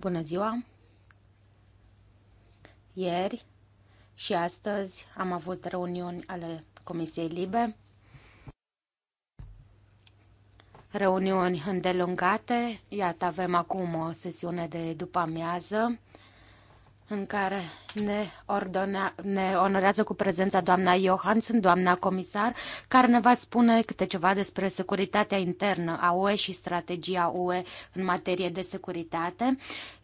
Bună ziua! Ieri și astăzi am avut reuniuni ale Comisiei Libe, reuniuni îndelungate. Iată, avem acum o sesiune de după amiază în care ne, ordonea, ne onorează cu prezența doamna Johansson, doamna comisar, care ne va spune câte ceva despre securitatea internă a UE și strategia UE în materie de securitate.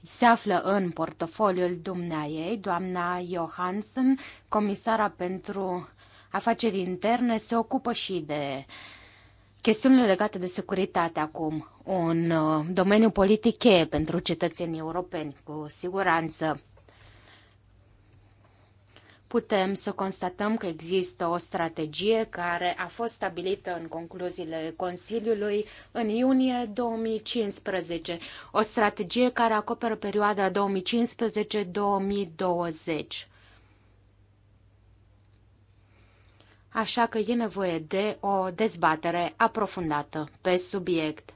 Se află în portofoliul ei, doamna Johansson, comisara pentru afaceri interne, se ocupă și de chestiunile legate de securitate acum, un uh, domeniu politic cheie pentru cetățenii europeni, cu siguranță putem să constatăm că există o strategie care a fost stabilită în concluziile Consiliului în iunie 2015, o strategie care acoperă perioada 2015-2020. Așa că e nevoie de o dezbatere aprofundată pe subiect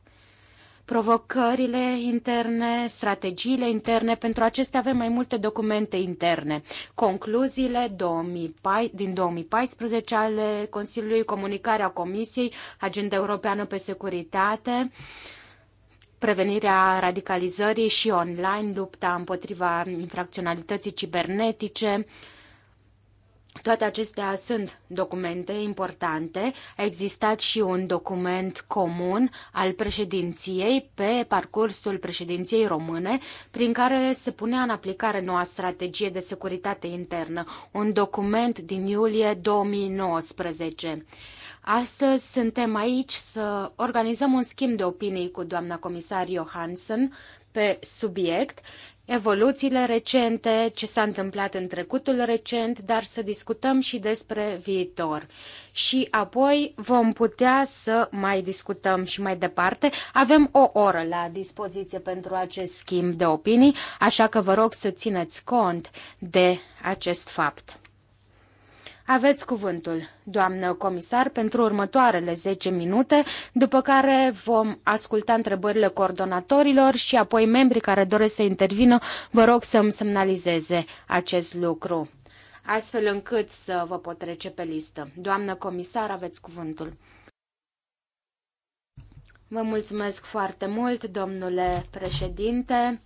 provocările interne, strategiile interne. Pentru acestea avem mai multe documente interne. Concluziile 2004, din 2014 ale Consiliului, comunicarea Comisiei, Agenda Europeană pe Securitate, prevenirea radicalizării și online, lupta împotriva infracționalității cibernetice, toate acestea sunt documente importante. A existat și un document comun al președinției pe parcursul președinției române, prin care se punea în aplicare noua strategie de securitate internă, un document din iulie 2019. Astăzi suntem aici să organizăm un schimb de opinii cu doamna comisar Johansson pe subiect evoluțiile recente, ce s-a întâmplat în trecutul recent, dar să discutăm și despre viitor. Și apoi vom putea să mai discutăm și mai departe. Avem o oră la dispoziție pentru acest schimb de opinii, așa că vă rog să țineți cont de acest fapt. Aveți cuvântul, doamnă comisar, pentru următoarele 10 minute, după care vom asculta întrebările coordonatorilor și apoi membrii care doresc să intervină, vă rog să îmi semnalizeze acest lucru, astfel încât să vă pot trece pe listă. Doamnă comisar, aveți cuvântul. Vă mulțumesc foarte mult, domnule președinte.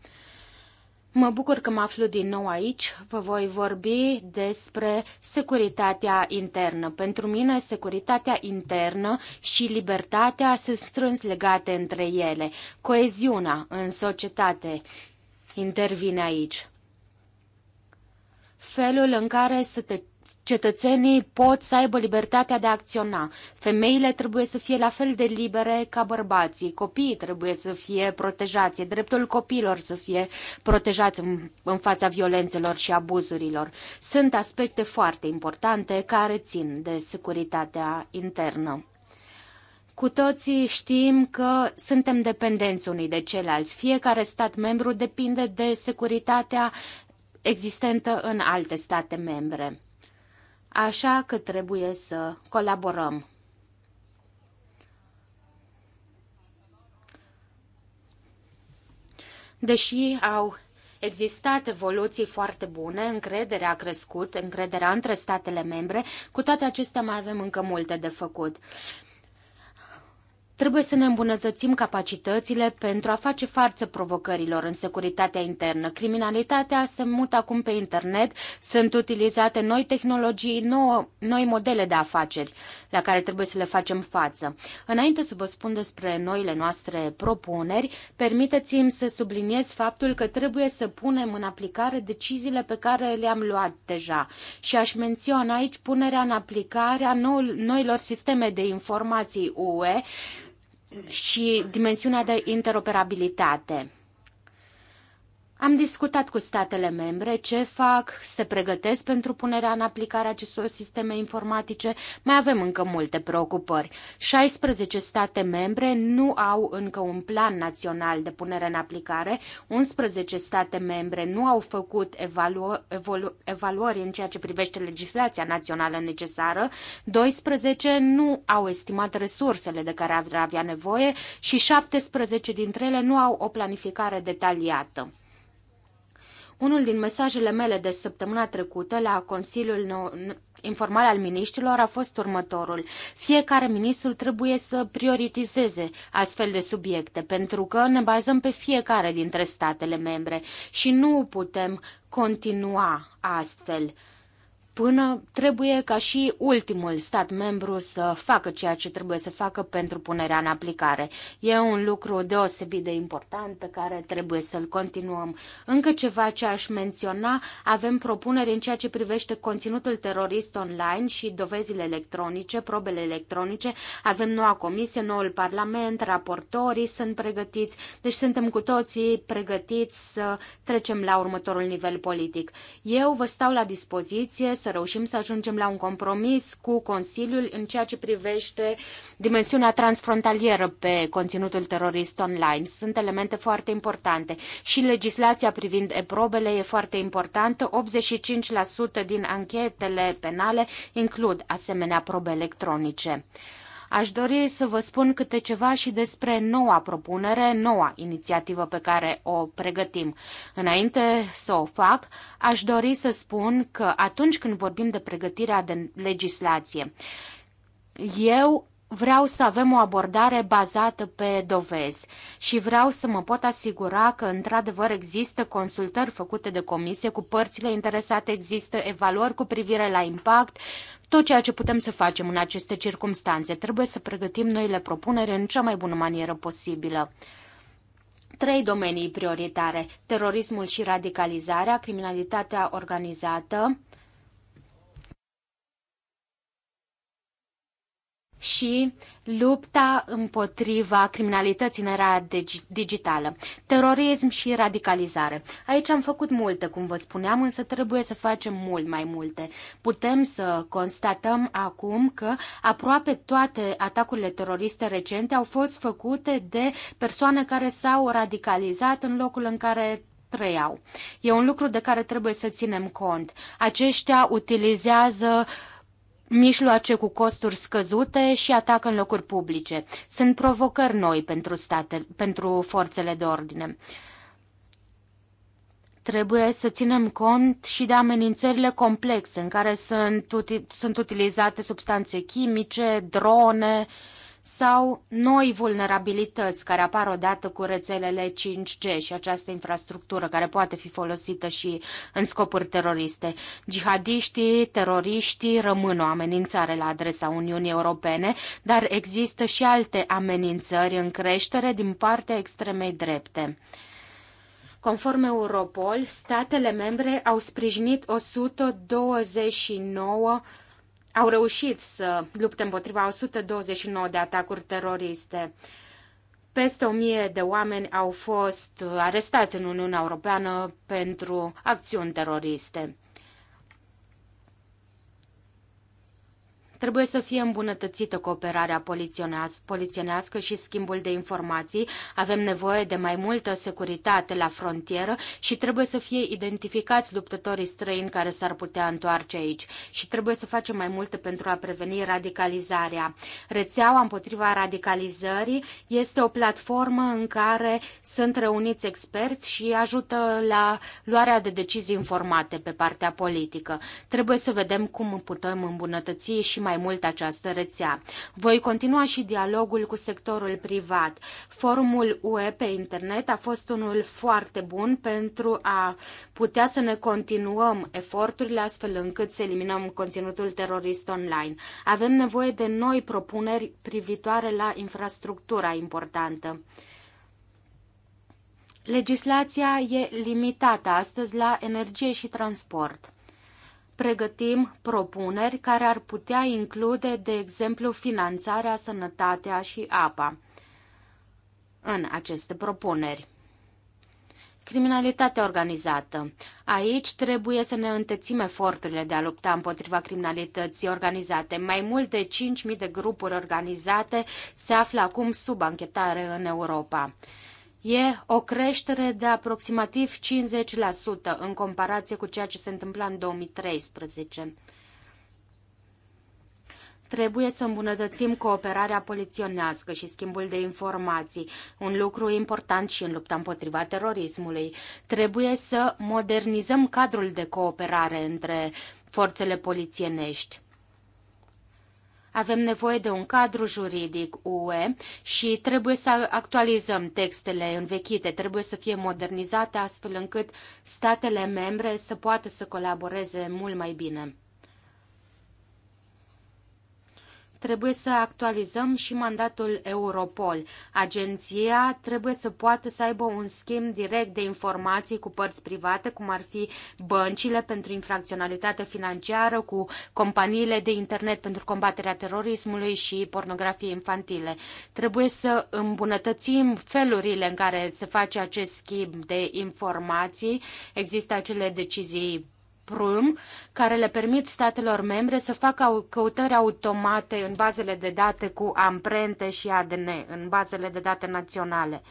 Mă bucur că mă aflu din nou aici. Vă voi vorbi despre securitatea internă. Pentru mine, securitatea internă și libertatea sunt strâns legate între ele. Coeziunea în societate intervine aici felul în care să te cetățenii pot să aibă libertatea de a acționa. Femeile trebuie să fie la fel de libere ca bărbații. Copiii trebuie să fie protejați, dreptul copiilor să fie protejați în, în fața violențelor și abuzurilor. Sunt aspecte foarte importante care țin de securitatea internă. Cu toții știm că suntem dependenți unii de ceilalți. Fiecare stat membru depinde de securitatea existentă în alte state membre. Așa că trebuie să colaborăm. Deși au existat evoluții foarte bune, încrederea a crescut, încrederea între statele membre, cu toate acestea mai avem încă multe de făcut. Trebuie să ne îmbunătățim capacitățile pentru a face față provocărilor în securitatea internă. Criminalitatea se mută acum pe internet, sunt utilizate noi tehnologii, nouă, noi modele de afaceri la care trebuie să le facem față. Înainte să vă spun despre noile noastre propuneri, permiteți-mi să subliniez faptul că trebuie să punem în aplicare deciziile pe care le-am luat deja și aș menționa aici punerea în aplicare a noilor sisteme de informații UE și dimensiunea de interoperabilitate. Am discutat cu statele membre ce fac, se pregătesc pentru punerea în aplicare acestor sisteme informatice. Mai avem încă multe preocupări. 16 state membre nu au încă un plan național de punere în aplicare, 11 state membre nu au făcut evalu- evalu- evaluări în ceea ce privește legislația națională necesară, 12 nu au estimat resursele de care ar avea nevoie și 17 dintre ele nu au o planificare detaliată. Unul din mesajele mele de săptămâna trecută la Consiliul Informal al Ministrilor a fost următorul. Fiecare ministru trebuie să prioritizeze astfel de subiecte, pentru că ne bazăm pe fiecare dintre statele membre și nu putem continua astfel până trebuie ca și ultimul stat membru să facă ceea ce trebuie să facă pentru punerea în aplicare. E un lucru deosebit de important pe care trebuie să-l continuăm. Încă ceva ce aș menționa, avem propuneri în ceea ce privește conținutul terorist online și dovezile electronice, probele electronice. Avem noua comisie, noul parlament, raportorii sunt pregătiți, deci suntem cu toții pregătiți să trecem la următorul nivel politic. Eu vă stau la dispoziție să reușim să ajungem la un compromis cu Consiliul în ceea ce privește dimensiunea transfrontalieră pe conținutul terorist online. Sunt elemente foarte importante și legislația privind probele e foarte importantă. 85% din anchetele penale includ asemenea probe electronice. Aș dori să vă spun câte ceva și despre noua propunere, noua inițiativă pe care o pregătim. Înainte să o fac, aș dori să spun că atunci când vorbim de pregătirea de legislație, eu vreau să avem o abordare bazată pe dovezi și vreau să mă pot asigura că într-adevăr există consultări făcute de comisie cu părțile interesate, există evaluări cu privire la impact, tot ceea ce putem să facem în aceste circumstanțe. Trebuie să pregătim noile propunere în cea mai bună manieră posibilă trei domenii prioritare, terorismul și radicalizarea, criminalitatea organizată și lupta împotriva criminalității în era digitală, terorism și radicalizare. Aici am făcut multe, cum vă spuneam, însă trebuie să facem mult mai multe. Putem să constatăm acum că aproape toate atacurile teroriste recente au fost făcute de persoane care s-au radicalizat în locul în care trăiau. E un lucru de care trebuie să ținem cont. Aceștia utilizează uh, mijloace cu costuri scăzute și atac în locuri publice. Sunt provocări noi pentru, state, pentru forțele de ordine. Trebuie să ținem cont și de amenințările complexe în care sunt, uti- sunt utilizate substanțe chimice, drone, uh, sau noi vulnerabilități care apar odată cu rețelele 5G și această infrastructură care poate fi folosită și în scopuri teroriste. Jihadiștii, teroriștii rămân o amenințare la adresa Uniunii Europene, dar există și alte amenințări în creștere din partea extremei drepte. Conform Europol, statele membre au sprijinit 129 au reușit să lupte împotriva 129 de atacuri teroriste. Peste 1000 de oameni au fost arestați în Uniunea Europeană pentru acțiuni teroriste. Trebuie să fie îmbunătățită cooperarea poliționească și schimbul de informații. Avem nevoie de mai multă securitate la frontieră și trebuie să fie identificați luptătorii străini care s-ar putea întoarce aici. Și trebuie să facem mai multe pentru a preveni radicalizarea. Rețeaua împotriva radicalizării este o platformă în care sunt reuniți experți și ajută la luarea de decizii informate pe partea politică. Trebuie să vedem cum putem îmbunătăți și mai mai mult această rețea. Voi continua și dialogul cu sectorul privat. Forumul UE pe internet a fost unul foarte bun pentru a putea să ne continuăm eforturile astfel încât să eliminăm conținutul terorist online. Avem nevoie de noi propuneri privitoare la infrastructura importantă. Legislația e limitată astăzi la energie și transport pregătim propuneri care ar putea include, de exemplu, finanțarea, sănătatea și apa în aceste propuneri. Criminalitatea organizată. Aici trebuie să ne întețim eforturile de a lupta împotriva criminalității organizate. Mai mult de 5.000 de grupuri organizate se află acum sub anchetare în Europa. E o creștere de aproximativ 50% în comparație cu ceea ce se întâmpla în 2013. Trebuie să îmbunătățim cooperarea poliționească și schimbul de informații, un lucru important și în lupta împotriva terorismului. Trebuie să modernizăm cadrul de cooperare între forțele polițienești. Avem nevoie de un cadru juridic UE și trebuie să actualizăm textele învechite, trebuie să fie modernizate astfel încât statele membre să poată să colaboreze mult mai bine. trebuie să actualizăm și mandatul Europol. Agenția trebuie să poată să aibă un schimb direct de informații cu părți private, cum ar fi băncile pentru infracționalitate financiară, cu companiile de internet pentru combaterea terorismului și pornografie infantile. Trebuie să îmbunătățim felurile în care se face acest schimb de informații. Există acele decizii PRUM, care le permit statelor membre să facă căutări automate în bazele de date cu amprente și ADN, în bazele de date naționale.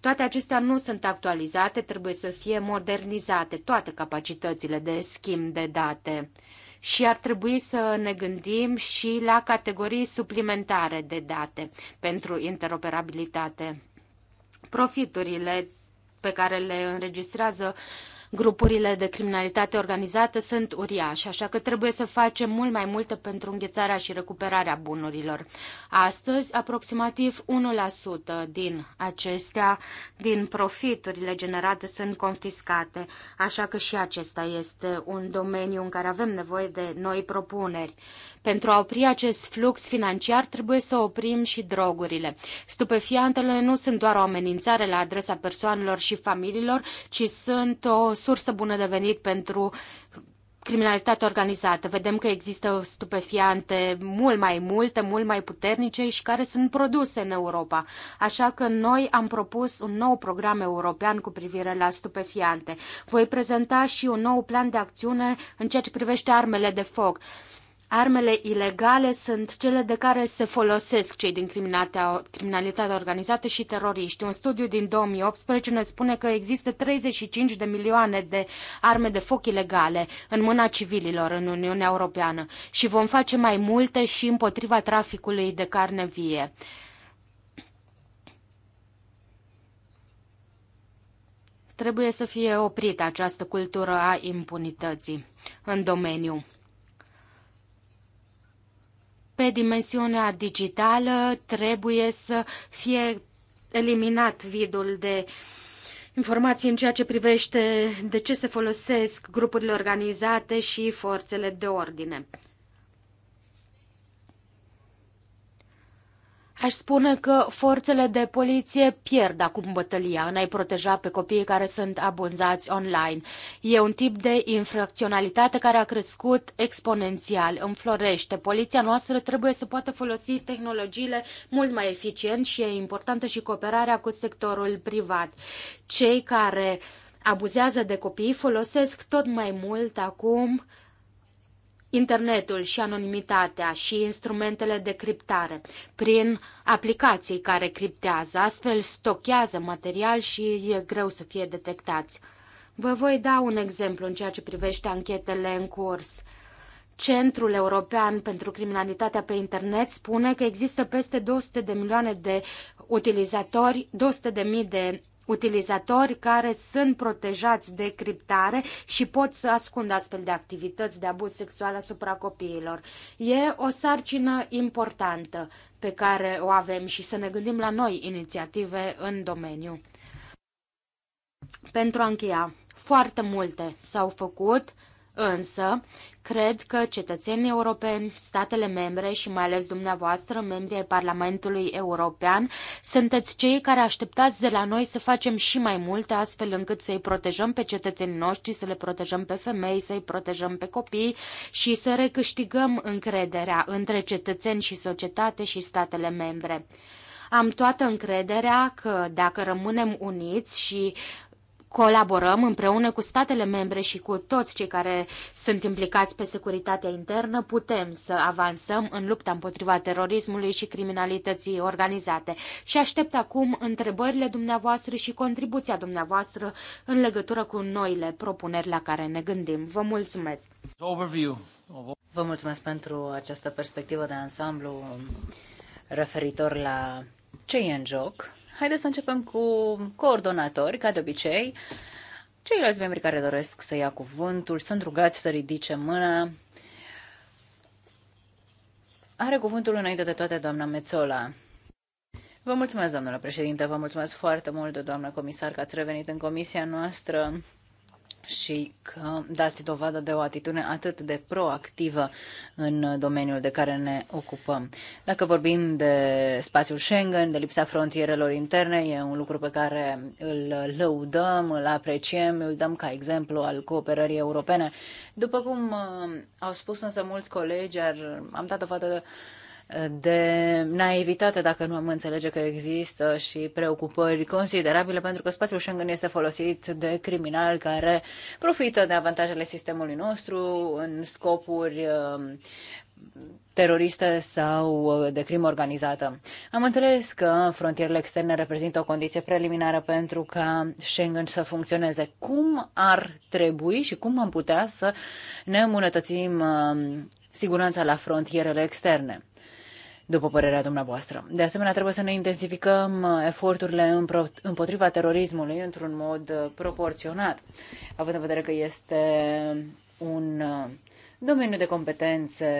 Toate acestea nu sunt actualizate, trebuie să fie modernizate toate capacitățile de schimb de date. Și ar trebui să ne gândim și la categorii suplimentare de date pentru interoperabilitate. Profiturile pe care le înregistrează uh, grupurile de criminalitate organizată sunt uriașe, așa că trebuie să facem mult mai multe pentru înghețarea și recuperarea bunurilor. Astăzi, aproximativ 1% din acestea, din profiturile generate, sunt confiscate, așa că și acesta este un domeniu în care avem nevoie de noi propuneri. Pentru a opri acest flux financiar, trebuie să oprim și drogurile. Stupefiantele nu sunt doar o amenințare la adresa persoanelor și familiilor, ci sunt o sursă bună de venit pentru criminalitate organizată. Vedem că există stupefiante mult mai multe, mult mai puternice și care sunt produse în Europa. Așa că noi am propus un nou program european cu privire la stupefiante. Voi prezenta și un nou plan de acțiune în ceea ce privește armele de foc. Armele ilegale sunt cele de care se folosesc cei din criminalitatea organizată și teroriști. Un studiu din 2018 ne spune că există 35 de milioane de arme de foc ilegale în mâna civililor în Uniunea Europeană și vom face mai multe și împotriva traficului de carne vie. Trebuie să fie oprită această cultură a impunității în domeniu. Pe dimensiunea digitală trebuie să fie eliminat vidul de informații în ceea ce privește de ce se folosesc grupurile organizate și forțele de ordine Aș spune că forțele de poliție pierd acum bătălia în a-i proteja pe copiii care sunt abuzați online. E un tip de infracționalitate care a crescut exponențial, înflorește. Poliția noastră trebuie să poată folosi tehnologiile mult mai eficient și e importantă și cooperarea cu sectorul privat. Cei care abuzează de copii folosesc tot mai mult acum uh, internetul și anonimitatea și instrumentele de criptare prin aplicații care criptează, astfel stochează material și e greu să fie detectați. Vă voi da un exemplu în ceea ce privește anchetele în curs. Centrul European pentru Criminalitatea pe Internet spune că există peste 200 de milioane de utilizatori, 200 de mii de utilizatori care sunt protejați de criptare și pot să ascundă astfel de activități de abuz sexual asupra copiilor. E o sarcină importantă pe care o avem și să ne gândim la noi inițiative în domeniu. Pentru a încheia, foarte multe s-au făcut Însă, cred că cetățenii europeni, statele membre și mai ales dumneavoastră, membrii ai Parlamentului European, sunteți cei care așteptați de la noi să facem și mai multe astfel încât să-i protejăm pe cetățenii noștri, să le protejăm pe femei, să-i protejăm pe copii și să recâștigăm încrederea între cetățeni și societate și statele membre. Am toată încrederea că dacă rămânem uniți și colaborăm împreună cu statele membre și cu toți cei care sunt implicați pe securitatea internă, putem să avansăm în lupta împotriva terorismului și criminalității organizate. Și aștept acum întrebările dumneavoastră și contribuția dumneavoastră în legătură cu noile propuneri la care ne gândim. Vă mulțumesc! Vă mulțumesc pentru această perspectivă de ansamblu referitor la ce e în joc Haideți să începem cu coordonatori, ca de obicei. Ceilalți membri care doresc să ia cuvântul sunt rugați să ridice mâna. Are cuvântul înainte de toate doamna Mețola. Vă mulțumesc, doamnă președinte, vă mulțumesc foarte mult, doamnă comisar, că ați revenit în comisia noastră și că dați dovadă de o atitudine atât de proactivă în domeniul de care ne ocupăm. Dacă vorbim de spațiul Schengen, de lipsa frontierelor interne, e un lucru pe care îl lăudăm, îl apreciem, îl dăm ca exemplu al cooperării europene. După cum uh, au spus însă mulți colegi, ar, am dat dovadă de de naivitate dacă nu am înțelege că există și preocupări considerabile pentru că spațiul Schengen este folosit de criminali care profită de avantajele sistemului nostru în scopuri um, teroriste sau uh, de crimă organizată. Am înțeles că frontierele externe reprezintă o condiție preliminară pentru ca Schengen să funcționeze. Cum ar trebui și cum am putea să ne îmbunătățim um, siguranța la frontierele externe? după părerea dumneavoastră. De asemenea, trebuie să ne intensificăm eforturile împotriva terorismului într-un mod uh, proporționat, având în vedere că este un uh, domeniu de competențe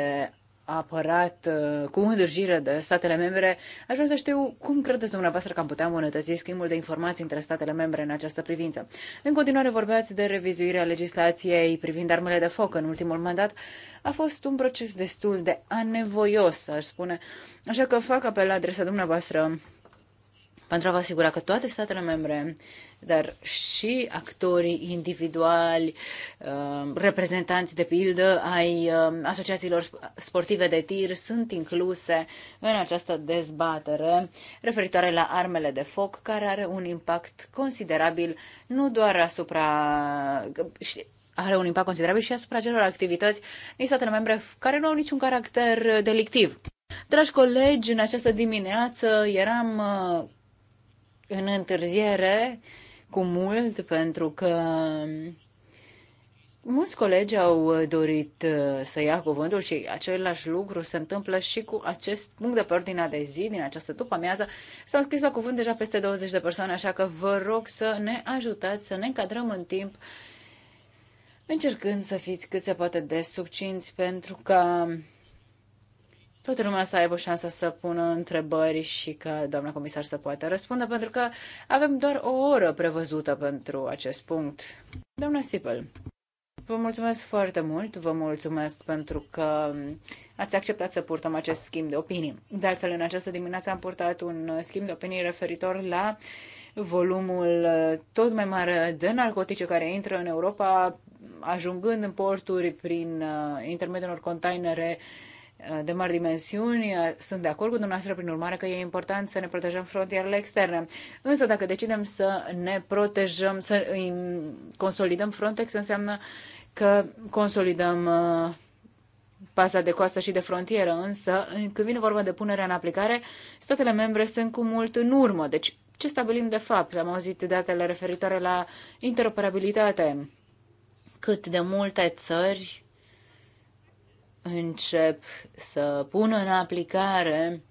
apărat uh, cu îndrăgire de statele membre. Aș vrea să știu cum credeți dumneavoastră că am putea îmbunătăți schimbul de informații între statele membre în această privință. În continuare vorbeați de revizuirea legislației privind armele de foc în ultimul mandat. A fost un proces destul de anevoios, aș spune. Așa că fac apel la adresa dumneavoastră pentru a vă asigura că toate statele membre, dar și actorii individuali, uh, reprezentanți de pildă ai uh, asociațiilor sportive de tir sunt incluse în această dezbatere referitoare la armele de foc, care are un impact considerabil nu doar asupra are un impact considerabil și asupra celor activități din statele membre care nu au niciun caracter delictiv. Dragi colegi, în această dimineață eram uh, în întârziere cu mult pentru că mulți colegi au dorit uh, să ia cuvântul și același lucru se întâmplă și cu acest punct de pe ordinea de zi din această după amiază. S-au scris la cuvânt deja peste 20 de persoane, așa că vă rog să ne ajutați să ne încadrăm în timp încercând să fiți cât se poate de succinți pentru că toată lumea să aibă șansa să pună întrebări și că doamna comisar să poată răspunde, pentru că avem doar o oră prevăzută pentru acest punct. Doamna Sipel, vă mulțumesc foarte mult, vă mulțumesc pentru că ați acceptat să purtăm acest schimb de opinii. De altfel, în această dimineață am purtat un schimb de opinii referitor la volumul tot mai mare de narcotice care intră în Europa, ajungând în porturi prin uh, intermediul unor containere de mari dimensiuni, sunt de acord cu dumneavoastră, prin urmare, că e important să ne protejăm frontierele externe. Însă, dacă decidem să ne protejăm, să consolidăm Frontex, înseamnă că consolidăm pasa uh, de coastă și de frontieră, însă când vine vorba de punerea în aplicare, statele membre sunt cu mult în urmă. Deci, ce stabilim de fapt? Am auzit datele referitoare la interoperabilitate. Cât de multe țări încep să pună în aplicare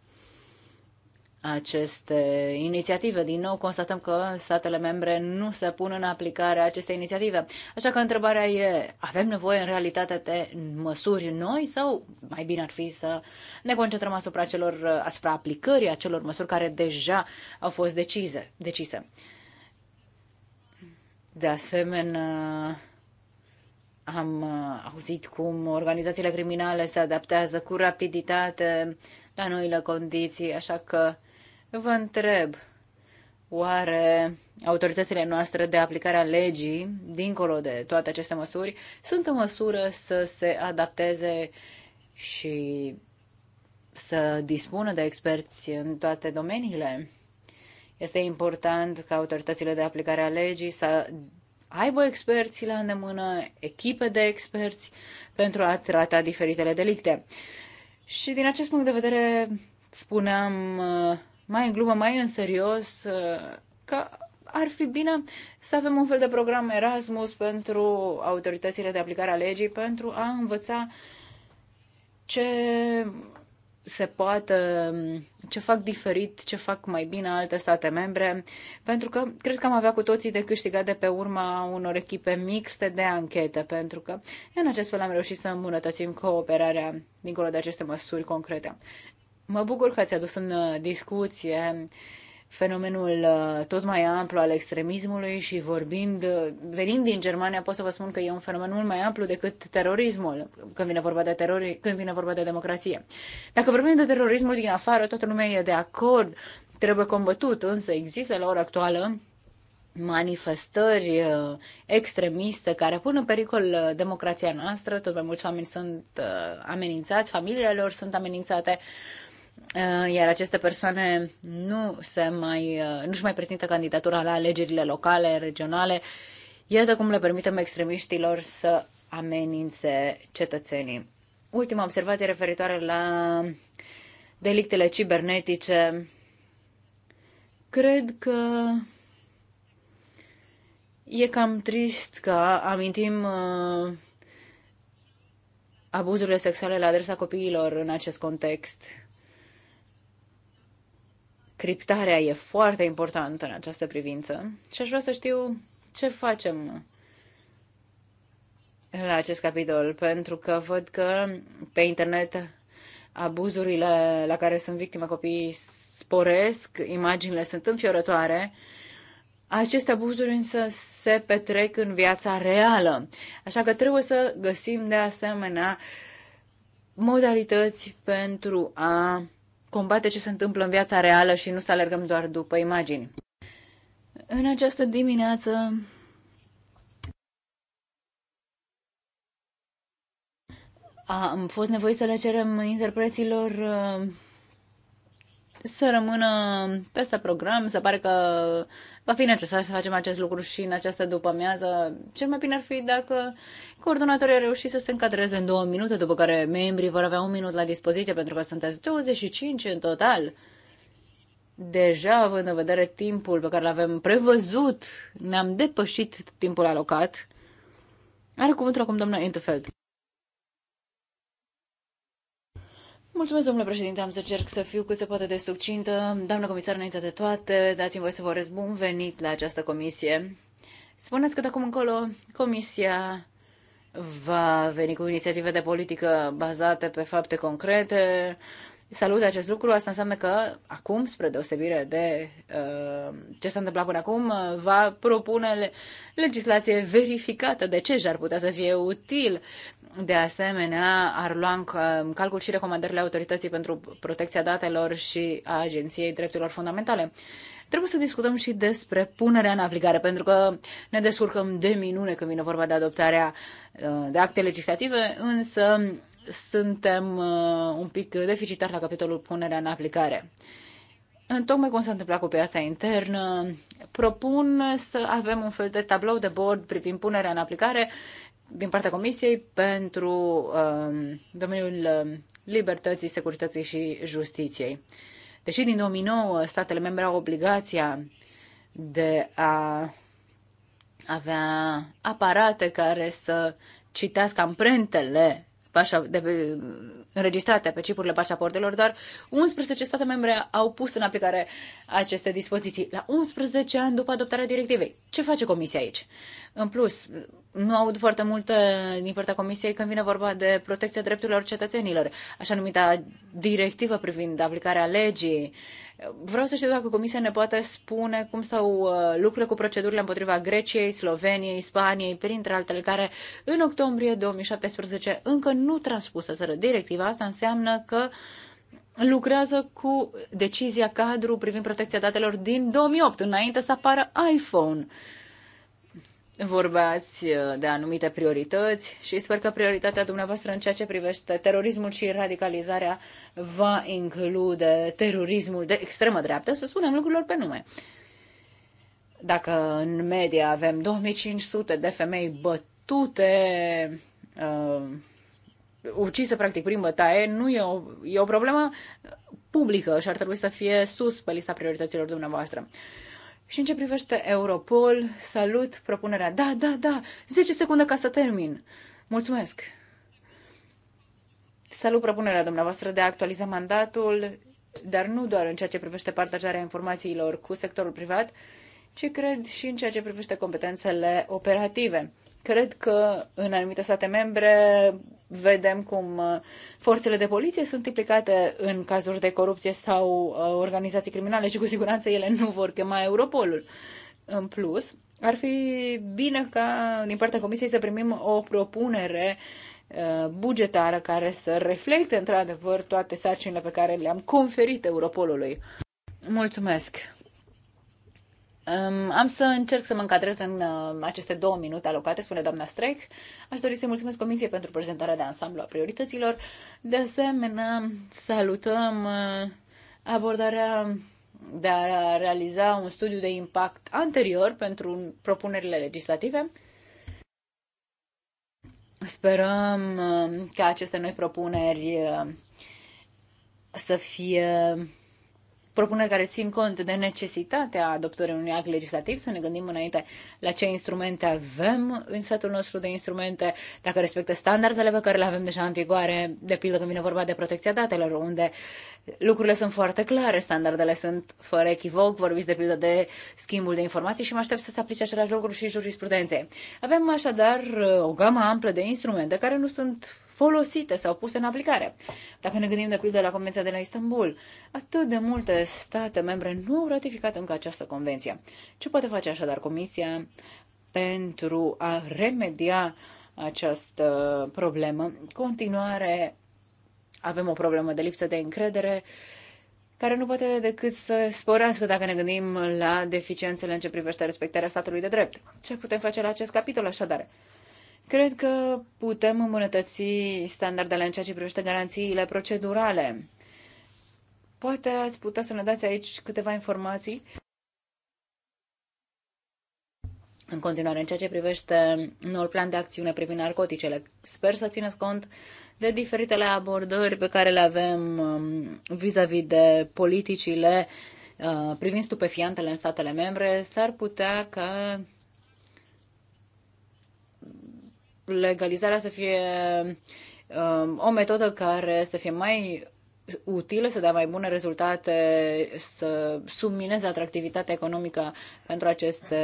aceste inițiative. Din nou constatăm că statele membre nu se pun în aplicare aceste inițiative. Așa că întrebarea e, avem nevoie în realitate de măsuri noi sau mai bine ar fi să ne concentrăm asupra, celor, asupra aplicării acelor măsuri care deja au fost decize, decise. De asemenea, am uh, auzit cum organizațiile criminale se adaptează cu rapiditate la noile condiții, așa că vă întreb, oare autoritățile noastre de aplicare a legii, dincolo de toate aceste măsuri, sunt în măsură să se adapteze și să dispună de experți în toate domeniile? Este important ca autoritățile de aplicare a legii să aibă experți la îndemână, echipe de experți pentru a trata diferitele delicte. Și din acest punct de vedere spuneam uh, mai în glumă, mai în serios uh, că ar fi bine să avem un fel de program Erasmus pentru autoritățile de aplicare a legii pentru a învăța ce se poate um, ce fac diferit, ce fac mai bine alte state membre, pentru că cred că am avea cu toții de câștigat de pe urma unor echipe mixte de anchete, pentru că în acest fel am reușit să îmbunătățim cooperarea dincolo de aceste măsuri concrete. Mă bucur că ați adus în uh, discuție uh, fenomenul uh, tot mai amplu al extremismului și vorbind, uh, venind din Germania, pot să vă spun că e un fenomen mult mai amplu decât terorismul, când vine vorba de, terori, când vine vorba de democrație. Dacă vorbim de terorismul din afară, toată lumea e de acord, trebuie combătut, însă există la ora actuală manifestări uh, extremiste care pun în pericol democrația noastră, tot mai mulți oameni sunt amenințați, familiile lor sunt amenințate, Uh, iar aceste persoane nu se mai, uh, nu-și mai prezintă candidatura la alegerile locale, regionale. Iată cum le permitem extremiștilor să amenințe cetățenii. Ultima observație referitoare la delictele cibernetice. Cred că e cam trist că amintim uh, abuzurile sexuale la adresa copiilor în acest context Criptarea e foarte importantă în această privință și aș vrea să știu ce facem la acest capitol, pentru că văd că pe internet abuzurile la care sunt victime copiii sporesc, imaginile sunt înfiorătoare. Aceste abuzuri însă se petrec în viața reală, așa că trebuie să găsim de asemenea modalități pentru a combate ce se întâmplă în viața reală și nu să alergăm doar după imagini. În această dimineață am fost nevoit să le cerem interpreților uh, să rămână peste program. Se pare că va fi necesar să facem acest lucru și în această după-amiază. Cel mai bine ar fi dacă coordonatorii au reușit să se încadreze în două minute, după care membrii vor avea un minut la dispoziție, pentru că sunteți 25 în total. Deja, având în vedere timpul pe care l-avem prevăzut, ne-am depășit timpul alocat. Are cuvântul acum doamna Interfeld. Mulțumesc, domnule președinte, am să cerc să fiu cât se poate de succintă. Doamnă comisar, înainte de toate, dați-mi voi să vă urez bun venit la această comisie. Spuneți că de acum încolo comisia va veni cu inițiative de politică bazate pe fapte concrete. Salut acest lucru, asta înseamnă că acum, spre deosebire de uh, ce s-a întâmplat până acum, uh, va propune legislație verificată de ce și-ar putea să fie util de asemenea, ar lua în calcul și recomandările Autorității pentru Protecția Datelor și a Agenției Drepturilor Fundamentale. Trebuie să discutăm și despre punerea în aplicare, pentru că ne descurcăm de minune când vine vorba de adoptarea uh, de acte legislative, însă suntem uh, un pic deficitari la capitolul punerea în aplicare. În tocmai cum s-a întâmplat cu piața internă, propun să avem un fel de tablou de bord privind punerea în aplicare din partea Comisiei pentru um, domeniul um, libertății, securității și justiției. Deși din 2009 statele membre au obligația de a avea aparate care să citească amprentele pașa- de pe, înregistrate pe cipurile pașaportelor, doar 11 state membre au pus în aplicare aceste dispoziții la 11 ani după adoptarea directivei. Ce face Comisia aici? În plus, nu aud foarte multe din partea Comisiei când vine vorba de protecția drepturilor cetățenilor, așa numita directivă privind aplicarea legii, uh, Vreau să știu dacă Comisia ne poate spune cum stau uh, lucrurile cu procedurile împotriva Greciei, Sloveniei, Spaniei, printre altele, care în octombrie 2017 încă nu transpuseseră directiva. Asta înseamnă că lucrează cu decizia cadru privind protecția datelor din 2008, înainte să apară iPhone. Uh, vorbeați uh, de anumite priorități și sper că prioritatea dumneavoastră în ceea ce privește terorismul și radicalizarea va include terorismul de extremă dreaptă, să spunem lucrurilor pe nume. Dacă în media avem 2500 de femei bătute, uh, ucise practic prin bătaie, nu e o, e o problemă publică și ar trebui să fie sus pe lista priorităților dumneavoastră. Și în ce privește Europol, salut propunerea. Da, da, da, 10 secunde ca să termin. Mulțumesc. Salut propunerea dumneavoastră de a actualiza mandatul, dar nu doar în ceea ce privește partajarea informațiilor cu sectorul privat, ci cred și în ceea ce privește competențele operative. Cred că în anumite state membre vedem cum uh, forțele de poliție sunt implicate în cazuri de corupție sau uh, organizații criminale și cu siguranță ele nu vor chema Europolul. În plus, ar fi bine ca din partea Comisiei să primim o propunere uh, bugetară care să reflecte într-adevăr toate sarcinile pe care le-am conferit Europolului. Mulțumesc! Um, am să încerc să mă încadrez în uh, aceste două minute alocate, spune doamna Streck. Aș dori să mulțumesc Comisiei pentru prezentarea de ansamblu a priorităților. De asemenea, salutăm uh, abordarea de a realiza un studiu de impact anterior pentru propunerile legislative. Sperăm uh, ca aceste noi propuneri uh, să fie propuneri care țin cont de necesitatea adoptării unui act legislativ, să ne gândim înainte la ce instrumente avem în setul nostru de instrumente, dacă respectă standardele pe care le avem deja în vigoare, de pildă când vine vorba de protecția datelor, unde lucrurile sunt foarte clare, standardele sunt fără echivoc, vorbiți de pildă de schimbul de informații și mă aștept să se aplice același lucru și jurisprudenței. Avem așadar o gamă amplă de instrumente care nu sunt folosite sau puse în aplicare. Dacă ne gândim de pildă la Convenția de la Istanbul, atât de multe state membre nu au ratificat încă această convenție. Ce poate face așadar Comisia pentru a remedia această problemă? Continuare avem o problemă de lipsă de încredere care nu poate decât să sporească dacă ne gândim la deficiențele în ce privește respectarea statului de drept. Ce putem face la acest capitol așadar? Cred că putem îmbunătăți standardele în ceea ce privește garanțiile procedurale. Poate ați putea să ne dați aici câteva informații. În continuare, în ceea ce privește noul plan de acțiune privind narcoticele, sper să țineți cont de diferitele abordări pe care le avem um, vis-a-vis -vis de politicile uh, privind stupefiantele în statele membre. S-ar putea ca legalizarea să fie um, o metodă care să fie mai utilă, să dea mai bune rezultate, să submineze atractivitatea economică pentru aceste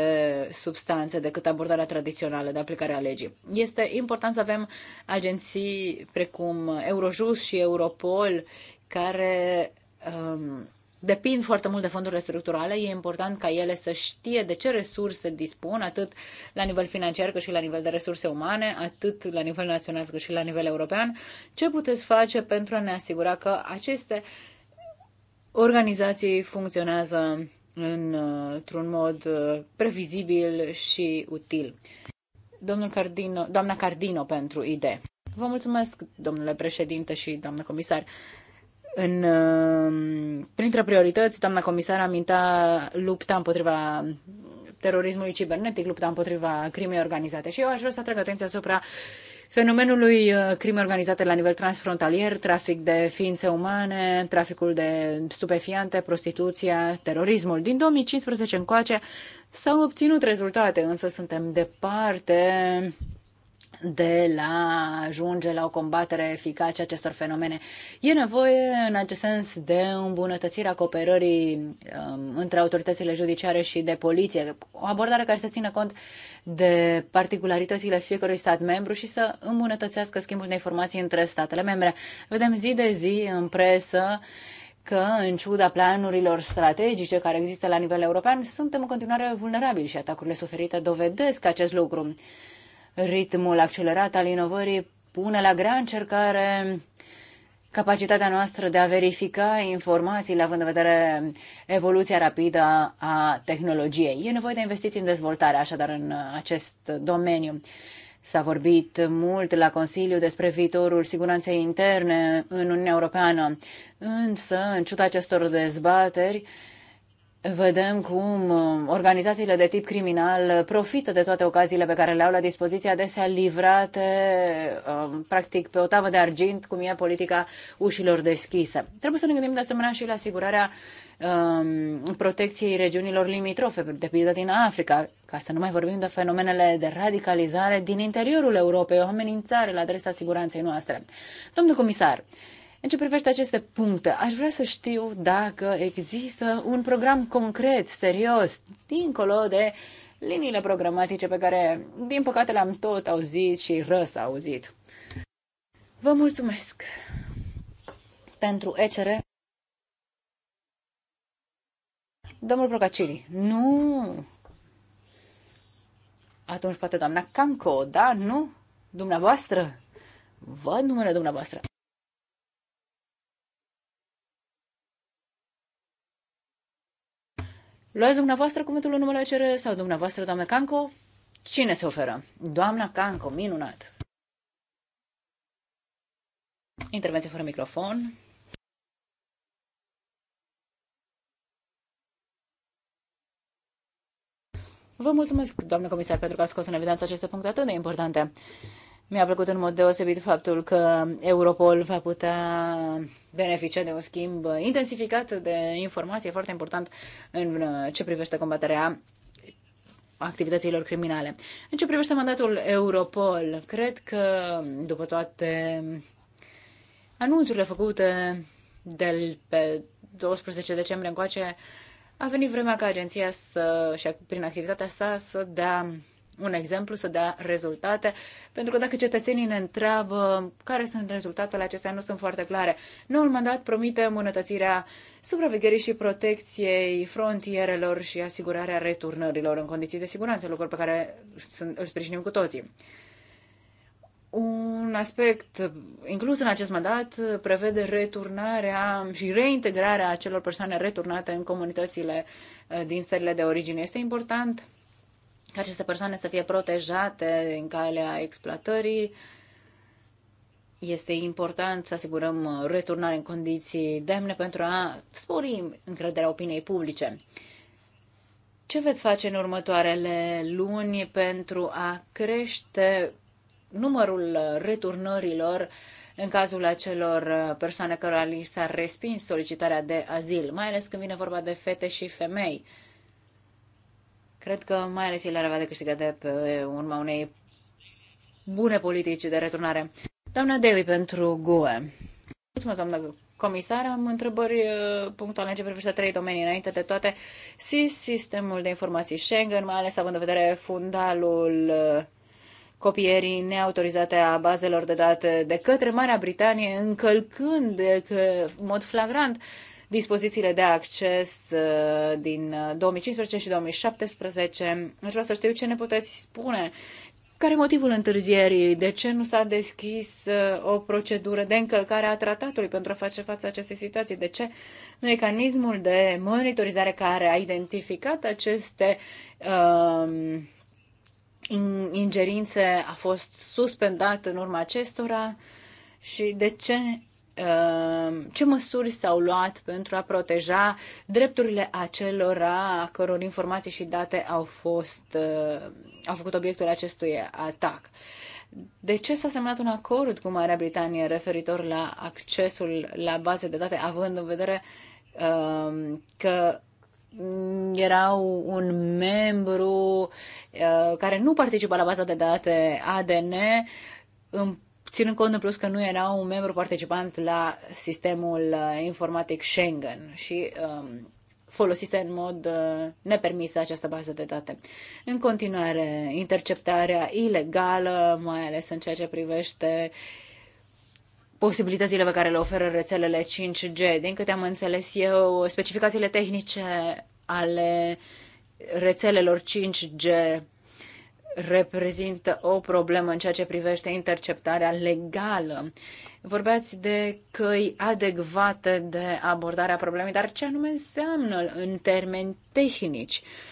substanțe decât abordarea tradițională de aplicare a legii. Este important să avem agenții precum Eurojust și Europol care um, depind foarte mult de fondurile structurale. E important ca ele să știe de ce resurse dispun, atât la nivel financiar cât și la nivel de resurse umane, atât la nivel național cât și la nivel european. Ce puteți face pentru a ne asigura că aceste organizații funcționează într-un mod uh, previzibil și util. Domnul Cardino, doamna Cardino pentru idee. Vă mulțumesc, domnule președinte și doamnă comisar. În, um, printre priorități, doamna comisar aminta lupta împotriva terorismului cibernetic, lupta împotriva crimei organizate. Și eu aș vrea să atrag atenția asupra fenomenului uh, crime organizate la nivel transfrontalier, trafic de ființe umane, traficul de stupefiante, prostituția, terorismul. Din 2015 încoace s-au obținut rezultate, însă suntem departe de la ajunge la o combatere eficace a acestor fenomene. E nevoie, în acest sens, de îmbunătățirea cooperării um, între autoritățile judiciare și de poliție, o abordare care să țină cont de particularitățile fiecărui stat membru și să îmbunătățească schimbul de informații între statele membre. Vedem zi de zi în presă că, în ciuda planurilor strategice care există la nivel european, suntem în continuare vulnerabili și atacurile suferite dovedesc acest lucru ritmul accelerat al inovării pune la grea încercare capacitatea noastră de a verifica informațiile având în vedere evoluția rapidă a tehnologiei. E nevoie de investiții în dezvoltare, așadar, în acest domeniu. S-a vorbit mult la Consiliu despre viitorul siguranței interne în Uniunea Europeană, însă, în ciuda acestor dezbateri, Vedem cum uh, organizațiile de tip criminal profită de toate ocaziile pe care le au la dispoziție, adesea livrate uh, practic pe o tavă de argint, cum e politica ușilor deschise. Trebuie să ne gândim de asemenea și la asigurarea um, protecției regiunilor limitrofe, de pildă din Africa, ca să nu mai vorbim de fenomenele de radicalizare din interiorul Europei, o amenințare la adresa siguranței noastre. Domnul comisar, în ce privește aceste puncte, aș vrea să știu dacă există un program concret, serios, dincolo de liniile programatice pe care, din păcate, le-am tot auzit și răs auzit. Vă mulțumesc pentru ECR. Domnul Procacili, nu. Atunci poate doamna Canco, da, nu? Dumneavoastră? Văd numele dumneavoastră. Luați dumneavoastră cuvântul în numele CR sau dumneavoastră, doamne Canco? Cine se oferă? Doamna Canco, minunat! Intervenție fără microfon. Vă mulțumesc, doamne comisar, pentru că ați scos în evidență aceste puncte atât de importante. Mi-a plăcut în mod deosebit faptul că Europol va putea beneficia de un schimb intensificat de informație foarte important în uh, ce privește combaterea activităților criminale. În ce privește mandatul Europol, cred că după toate anunțurile făcute de pe 12 decembrie încoace, a venit vremea ca agenția să, și prin activitatea sa să dea un exemplu, să dea rezultate, pentru că dacă cetățenii ne întreabă care sunt rezultatele acestea, nu sunt foarte clare. Noul mandat promite îmbunătățirea supravegherii și protecției frontierelor și asigurarea returnărilor în condiții de siguranță, lucruri pe care îl sprijinim cu toții. Un aspect inclus în acest mandat prevede returnarea și reintegrarea acelor persoane returnate în comunitățile eh, din țările de origine. Este important ca aceste persoane să fie protejate în calea exploatării. Este important să asigurăm returnare în condiții demne pentru a spori încrederea opiniei publice. Ce veți face în următoarele luni pentru a crește numărul returnărilor în cazul acelor persoane cărora li s-a respins solicitarea de azil, mai ales când vine vorba de fete și femei? Cred că mai ales el ar avea de câștigat de pe urma unei bune politici de returnare. Doamna Daly pentru GUE. Mulțumesc, doamnă comisar. Am întrebări uh, punctuale în ce privește trei domenii înainte de toate. SIS, sistemul de informații Schengen, mai ales având în vedere fundalul uh, copierii neautorizate a bazelor de date de către Marea Britanie, încălcând că, în mod flagrant dispozițiile de acces uh, din 2015 uh, și 2017. Aș vrea să știu ce ne puteți spune. Care e motivul întârzierii? De ce nu s-a deschis uh, o procedură de încălcare a tratatului pentru a face față acestei situații? De ce mecanismul de monitorizare care a identificat aceste um, ingerințe a fost suspendat în urma acestora? Și de ce Ehm, ce măsuri s-au luat pentru a proteja drepturile acelora a căror informații și date au fost ehm, au făcut obiectul acestui atac. De ce s-a semnat un acord cu Marea Britanie referitor la accesul la baze de date, având în vedere ehm, că erau un membru uh, care nu participa la baza de date ADN în ținând cont în plus că nu era un membru participant la sistemul uh, informatic Schengen și um, folosise în mod uh, nepermis această bază de date. În continuare, interceptarea ilegală, mai ales în ceea ce privește posibilitățile pe care le oferă rețelele 5G. Din câte am înțeles eu, specificațiile tehnice ale rețelelor 5G reprezintă o problemă în ceea ce privește interceptarea legală. Vorbeați de căi adecvate de abordarea problemei, dar ce anume înseamnă în termeni tehnici? Uh,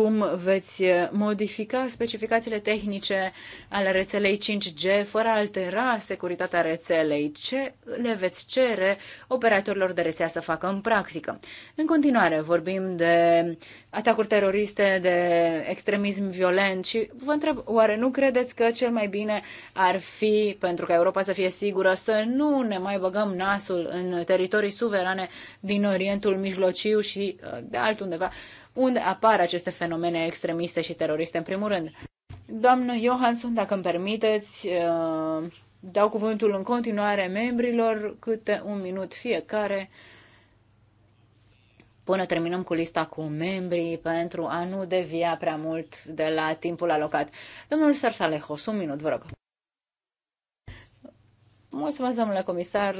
cum veți modifica specificațiile tehnice ale rețelei 5G fără a altera securitatea rețelei? Ce le veți cere operatorilor de rețea să facă în practică? În continuare, vorbim de atacuri teroriste, de extremism violent și vă întreb, oare nu credeți că cel mai bine ar fi, pentru ca Europa să fie sigură, să nu ne mai băgăm nasul în teritorii suverane din Orientul Mijlociu și uh, de altundeva, unde apar aceste fenomene extremiste și teroriste, în primul rând. Doamnă Johansson, dacă îmi permiteți, uh, dau cuvântul în continuare membrilor, câte un minut fiecare, până terminăm cu lista cu membrii, pentru a nu devia prea mult de la timpul alocat. Domnul Sarsalehos, un minut, vă rog. Mulțumesc, domnule comisar,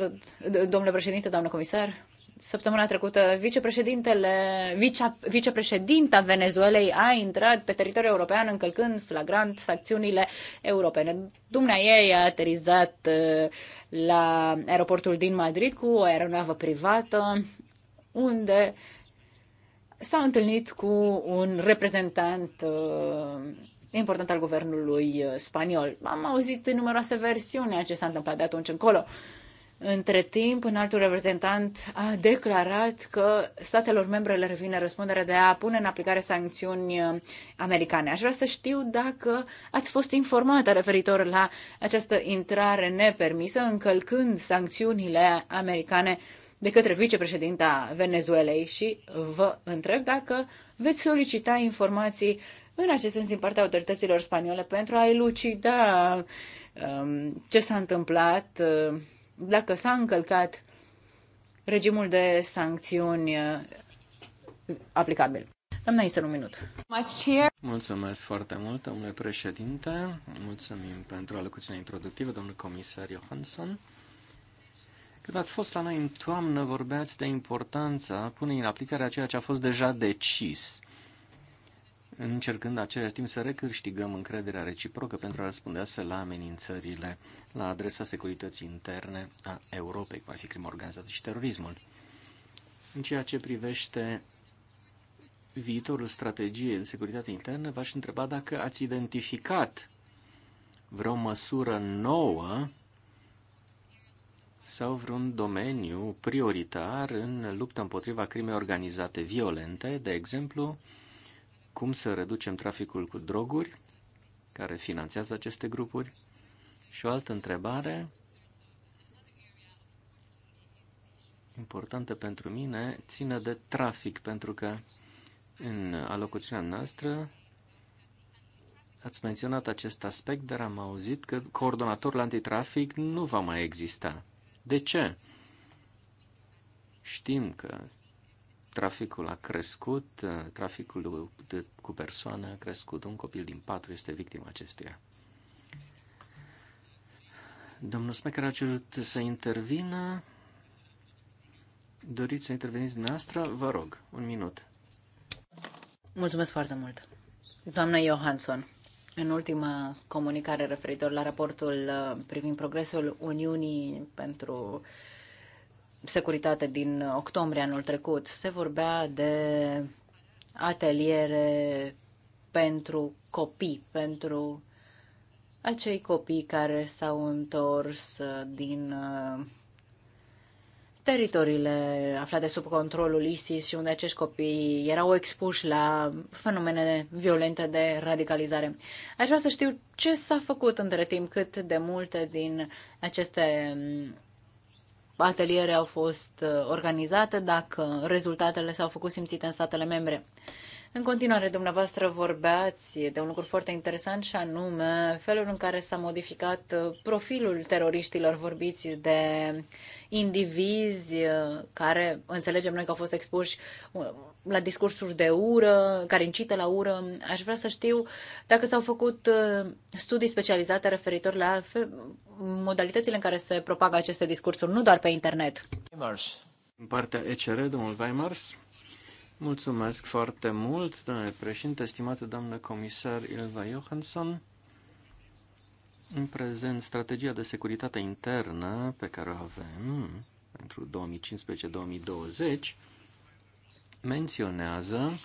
domnule președinte, doamnă comisar. Săptămâna trecută, vicepreședintele, vicea, vicepreședinta Venezuelei a intrat pe teritoriul european încălcând flagrant sancțiunile europene. Dumnea ei a aterizat uh, la aeroportul din Madrid cu o aeronavă privată unde s-a întâlnit cu un reprezentant uh, important al guvernului uh, spaniol. Am auzit numeroase versiuni a ce s-a întâmplat de atunci încolo. Între timp, un altul reprezentant a declarat că statelor membre le revine răspunderea de a pune în aplicare sancțiuni uh, americane. Aș vrea să știu dacă ați fost informată referitor la această intrare nepermisă, încălcând sancțiunile americane de către vicepreședinta Venezuelei și vă întreb dacă veți solicita informații în acest sens din partea autorităților spaniole pentru a elucida um, ce s-a întâmplat. Uh, dacă s-a încălcat regimul de sancțiuni uh, aplicabil. Doamna Isel, un minut. Mulțumesc foarte mult, domnule președinte. Mulțumim pentru alocuțiunea introductivă, domnul comisar Johansson. Când ați fost la noi în toamnă, vorbeați de importanța punerii în aplicare a ceea ce a fost deja decis încercând același timp să recâștigăm încrederea reciprocă pentru a răspunde astfel la amenințările la adresa securității interne a Europei, cum ar fi crimă organizată și terorismul. În ceea ce privește viitorul strategiei de securitate internă, v-aș întreba dacă ați identificat vreo măsură nouă sau vreun domeniu prioritar în lupta împotriva crimei organizate violente, de exemplu, cum să reducem traficul cu droguri care finanțează aceste grupuri. Și o altă întrebare importantă pentru mine ține de trafic, pentru că în alocuțiunea noastră ați menționat acest aspect, dar am auzit că coordonatorul antitrafic nu va mai exista. De ce? Știm că Traficul a crescut, uh, traficul de, cu persoane a crescut. Un copil din patru este victima acestuia. Domnul Smecher a cerut să intervină. Doriți să interveniți dumneavoastră? Vă rog, un minut. Mulțumesc foarte mult. Doamna Johansson, în ultima comunicare referitor la raportul uh, privind progresul Uniunii pentru uh, securitate din octombrie anul trecut. Se vorbea de ateliere pentru copii, pentru acei copii care s-au întors din uh, teritoriile aflate sub controlul ISIS și unde acești copii erau expuși la fenomene violente de radicalizare. Aș vrea să știu ce s-a făcut între timp, cât de multe din aceste um, ateliere au fost uh, organizate, dacă rezultatele s-au făcut simțite în statele membre. În continuare, dumneavoastră vorbeați de un lucru foarte interesant și anume felul în care s-a modificat uh, profilul teroriștilor. Vorbiți de indivizi uh, care înțelegem noi că au fost expuși uh, la discursuri de ură, care incită la ură. Aș vrea să știu dacă s-au făcut studii specializate referitor la modalitățile în care se propagă aceste discursuri, nu doar pe internet. În partea ECR, domnul Weimars. Mulțumesc foarte mult, domnule președinte, estimată doamnă comisar Ilva Johansson. În prezent, strategia de securitate internă pe care o avem pentru 2015-2020 menționează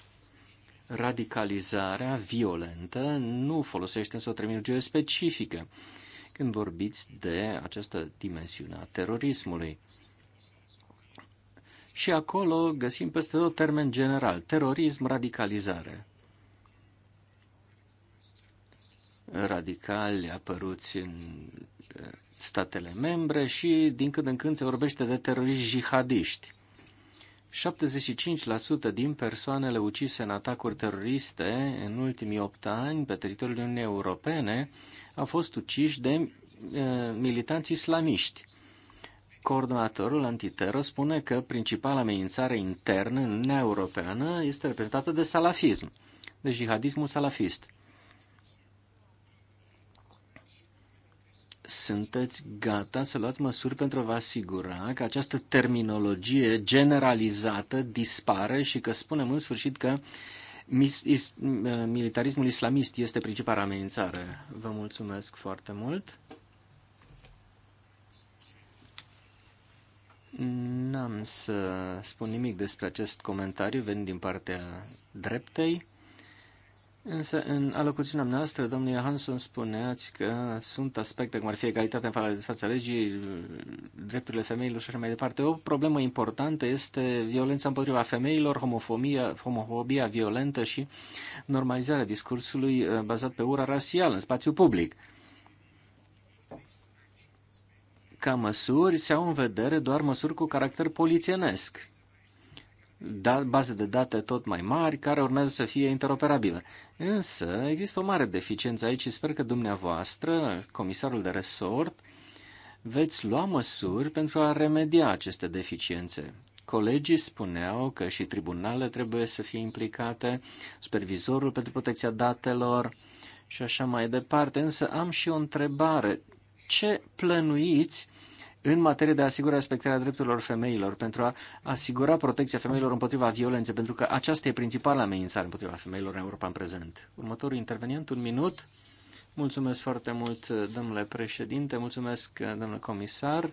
radicalizarea violentă, nu folosește însă o terminologie specifică când vorbiți de această dimensiune a terorismului și acolo găsim peste tot termen general, terorism, radicalizare. Radicali apăruți în eh, statele membre și din când în când se vorbește de teroriști jihadiști. 75% din persoanele ucise în atacuri teroriste în ultimii 8 ani pe teritoriul Uniunii Europene au fost uciși de eh, militanți islamiști. Coordonatorul antiteră spune că principala amenințare internă în Uniunea Europeană este reprezentată de salafism, de jihadismul salafist. sunteți gata să luați măsuri pentru a vă asigura că această terminologie generalizată dispare și că spunem în sfârșit că militarismul islamist este principala amenințare. Vă mulțumesc foarte mult. N-am să spun nimic despre acest comentariu venit din partea dreptei, însă în alocuțiunea noastră, domnule Hanson, spuneați că sunt aspecte cum ar fi egalitatea în fața legii, drepturile femeilor și așa mai departe. O problemă importantă este violența împotriva femeilor, homofobia, homofobia violentă și normalizarea discursului uh, bazat pe ura rasială în spațiu public ca măsuri se au în vedere doar măsuri cu caracter polițienesc, da, baze de date tot mai mari care urmează să fie interoperabile. Însă există o mare deficiență aici și sper că dumneavoastră, comisarul de resort, veți lua măsuri pentru a remedia aceste deficiențe. Colegii spuneau că și tribunale trebuie să fie implicate, supervizorul pentru protecția datelor și așa mai departe. Însă am și o întrebare ce plănuiți în materie de a asigura respectarea drepturilor femeilor, pentru a asigura protecția femeilor împotriva violenței, pentru că aceasta e principala amenințare împotriva femeilor în Europa în prezent. Următorul intervenient, un minut. Mulțumesc foarte mult, domnule președinte, mulțumesc, domnule comisar.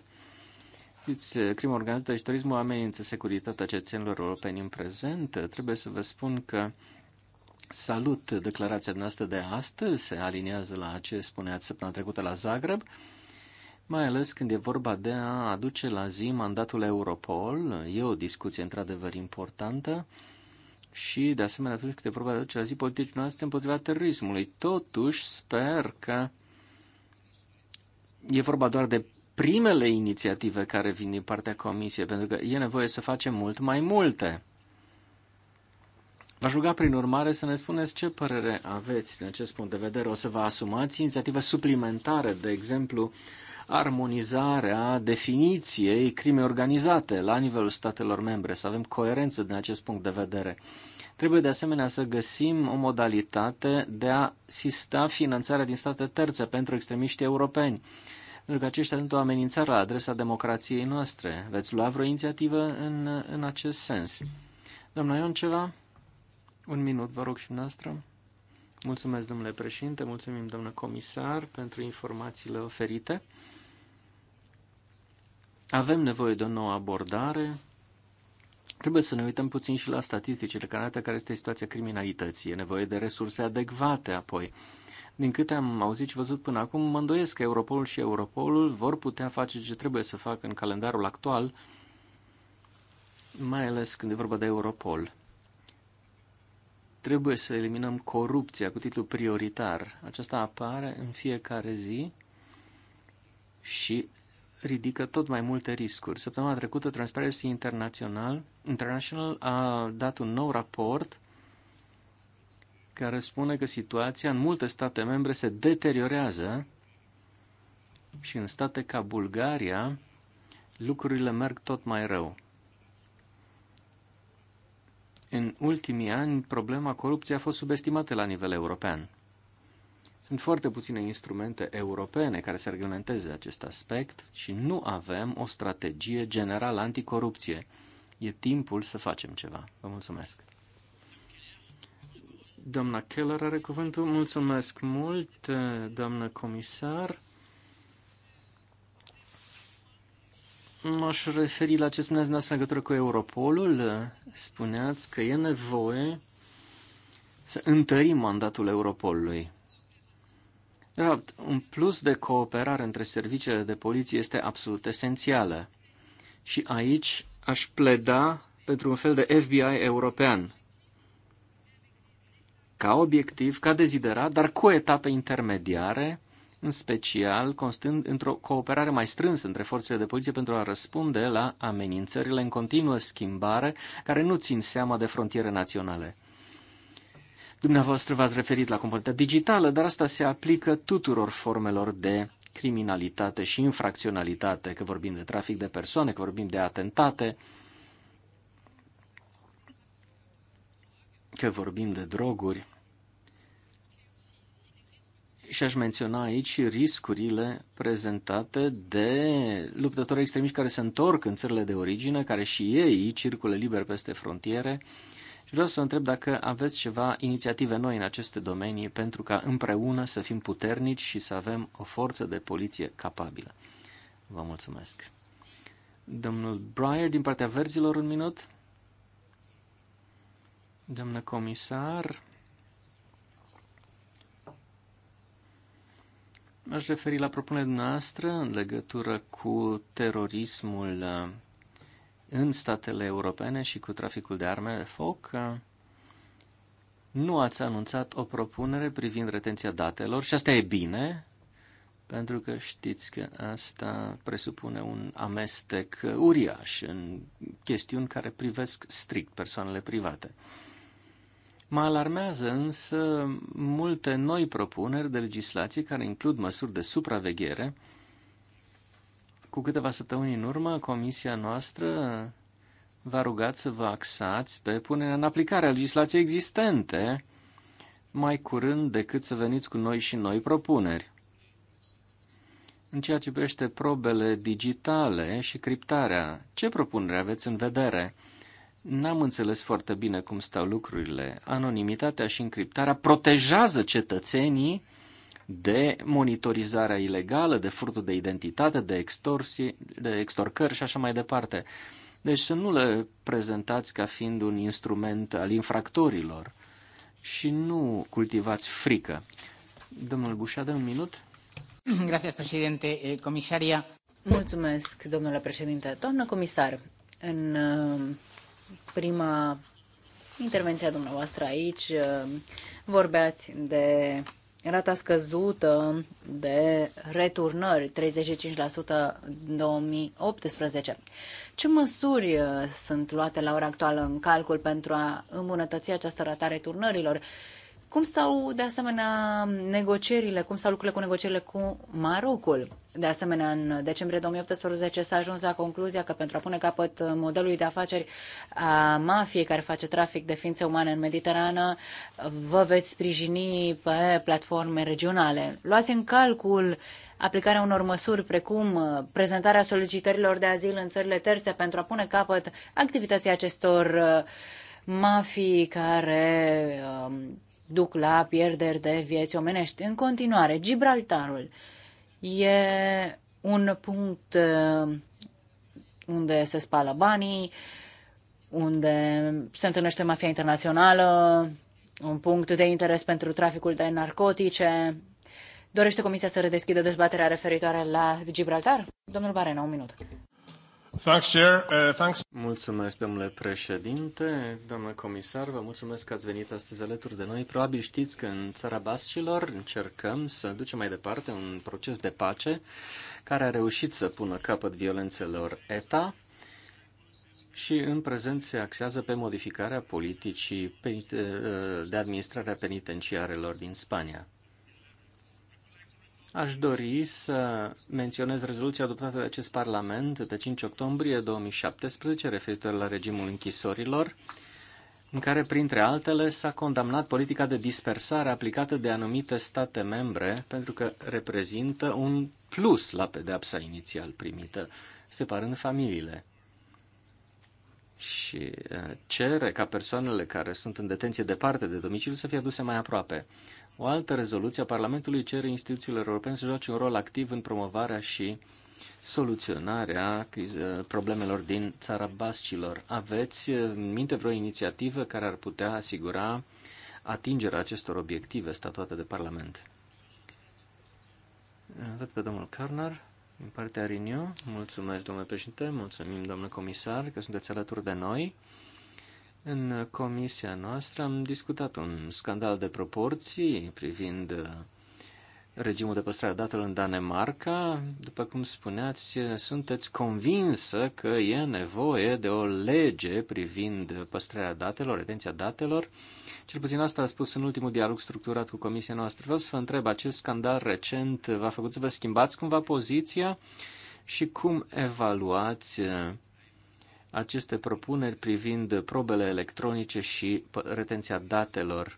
Știți, crima organizată și turismul amenință securitatea cetățenilor europeni în prezent. Trebuie să vă spun că Salut declarația noastră de astăzi, se aliniază la ce spuneați săptămâna trecută la Zagreb, mai ales când e vorba de a aduce la zi mandatul Europol. E o discuție într-adevăr importantă și, de asemenea, atunci când e vorba de a aduce la zi politicii noastre împotriva terorismului. Totuși, sper că e vorba doar de primele inițiative care vin din partea Comisiei, pentru că e nevoie să facem mult mai multe. V-aș ruga, prin urmare, să ne spuneți ce părere aveți din acest punct de vedere. O să vă asumați inițiativă suplimentară de exemplu, armonizarea definiției crime organizate la nivelul statelor membre, să avem coerență din acest punct de vedere. Trebuie de asemenea să găsim o modalitate de a sista finanțarea din state terțe pentru extremiștii europeni, pentru că aceștia sunt o amenințare la adresa democrației noastre. Veți lua vreo inițiativă în, în acest sens? Doamna Ion, ceva? Un minut, vă rog și noastră. Mulțumesc, domnule președinte, mulțumim, domnule comisar, pentru informațiile oferite. Avem nevoie de o nouă abordare. Trebuie să ne uităm puțin și la statisticile care arată care este situația criminalității. E nevoie de resurse adecvate apoi. Din câte am auzit și văzut până acum, mă îndoiesc că Europolul și Europolul vor putea face ce trebuie să facă în calendarul actual, mai ales când e vorba de Europol. Trebuie să eliminăm corupția cu titlu prioritar. Aceasta apare în fiecare zi și ridică tot mai multe riscuri. Săptămâna trecută, Transparency International, International a dat un nou raport care spune că situația în multe state membre se deteriorează și în state ca Bulgaria lucrurile merg tot mai rău. În ultimii ani, problema corupției a fost subestimată la nivel european. Sunt foarte puține instrumente europene care să reglementeze acest aspect și nu avem o strategie generală anticorupție. E timpul să facem ceva. Vă mulțumesc. Doamna Keller are cuvântul. Mulțumesc mult, doamnă comisar. M-aș referi la ce spuneați dumneavoastră în legătură cu Europolul. Spuneați că e nevoie să întărim mandatul Europolului. De fapt, un plus de cooperare între serviciile de poliție este absolut esențială. Și aici aș pleda pentru un fel de FBI european. Ca obiectiv, ca deziderat, dar cu etape intermediare, în special constând într-o cooperare mai strânsă între forțele de poliție pentru a răspunde la amenințările în continuă schimbare care nu țin seama de frontiere naționale. Dumneavoastră v-ați referit la componenta digitală, dar asta se aplică tuturor formelor de criminalitate și infracționalitate, că vorbim de trafic de persoane, că vorbim de atentate, că vorbim de droguri. Și aș menționa aici riscurile prezentate de luptători extremiști care se întorc în țările de origine, care și ei circulă liber peste frontiere. Și vreau să vă întreb dacă aveți ceva inițiative noi în aceste domenii pentru ca împreună să fim puternici și să avem o forță de poliție capabilă. Vă mulțumesc. Domnul Breyer, din partea verzilor, un minut. Domnul comisar, aș referi la propunerea noastră în legătură cu terorismul uh, în statele europene și cu traficul de arme de foc. Nu ați anunțat o propunere privind retenția datelor și asta e bine, pentru că știți că asta presupune un amestec uriaș în chestiuni care privesc strict persoanele private. Mă alarmează însă multe noi propuneri de legislație care includ măsuri de supraveghere. Cu câteva săptămâni în urmă, comisia noastră v-a rugat să vă axați pe punerea în aplicare a legislației existente mai curând decât să veniți cu noi și noi propuneri. În ceea ce privește probele digitale și criptarea, ce propunere aveți în vedere? N-am înțeles foarte bine cum stau lucrurile. Anonimitatea și încriptarea protejează cetățenii de monitorizarea ilegală, de furtul de identitate, de, extorsie, de extorcări și așa mai departe. Deci să nu le prezentați ca fiind un instrument al infractorilor și nu cultivați frică. Domnul Bușadă, un minut. Gracias, președinte. Eh, comisaria. Mulțumesc, domnule președinte. Doamnă comisar, în prima intervenție a dumneavoastră aici. Uh, vorbeați de rata scăzută de returnări, 35% în 2018. Ce măsuri uh, sunt luate la ora actuală în calcul pentru a îmbunătăți această rata returnărilor? Cum stau, de asemenea, negocierile, cum stau lucrurile cu negocierile cu Marocul? De asemenea, în decembrie 2018 s-a ajuns la concluzia că pentru a pune capăt modelului de afaceri a mafiei care face trafic de ființe umane în Mediterană, vă veți sprijini pe platforme regionale. Luați în calcul aplicarea unor măsuri precum prezentarea solicitărilor de azil în țările terțe pentru a pune capăt activității acestor mafii care um, duc la pierderi de vieți omenești. În continuare, Gibraltarul e un punct uh, unde se spală banii, unde se întâlnește mafia internațională, un punct de interes pentru traficul de narcotice. Dorește Comisia să redeschidă dezbaterea referitoare la Gibraltar? Domnul Barena, un minut. Thanks, Chair. Uh, thanks. Mulțumesc, domnule președinte, domnule comisar, vă mulțumesc că ați venit astăzi alături de noi. Probabil știți că în țara Bascilor încercăm să ducem mai departe un proces de pace care a reușit să pună capăt violențelor ETA și în prezent se axează pe modificarea politicii de administrare a penitenciarelor din Spania. Aș dori să menționez rezoluția adoptată de acest Parlament pe 5 octombrie 2017 referitor la regimul închisorilor, în care, printre altele, s-a condamnat politica de dispersare aplicată de anumite state membre pentru că reprezintă un plus la pedepsa inițial primită, separând familiile. Și eh, cere ca persoanele care sunt în detenție departe de domiciliu să fie aduse mai aproape. O altă rezoluție a Parlamentului cere instituțiilor europene să joace un rol activ în promovarea și soluționarea problemelor din țara bascilor. Aveți în minte vreo inițiativă care ar putea asigura atingerea acestor obiective statuate de Parlament? Văd pe domnul Carnar din partea Rinio. Mulțumesc, domnule președinte, mulțumim, domnule comisar, că sunteți alături de noi. În comisia noastră am discutat un scandal de proporții privind uh, regimul de păstrare a datelor în Danemarca. După cum spuneați, sunteți convinsă că e nevoie de o lege privind păstrarea datelor, retenția datelor. Cel puțin asta a spus în ultimul dialog structurat cu comisia noastră. Vreau să vă întreb, acest scandal recent v-a făcut să vă schimbați cumva poziția și cum evaluați uh, aceste propuneri privind probele electronice și retenția datelor.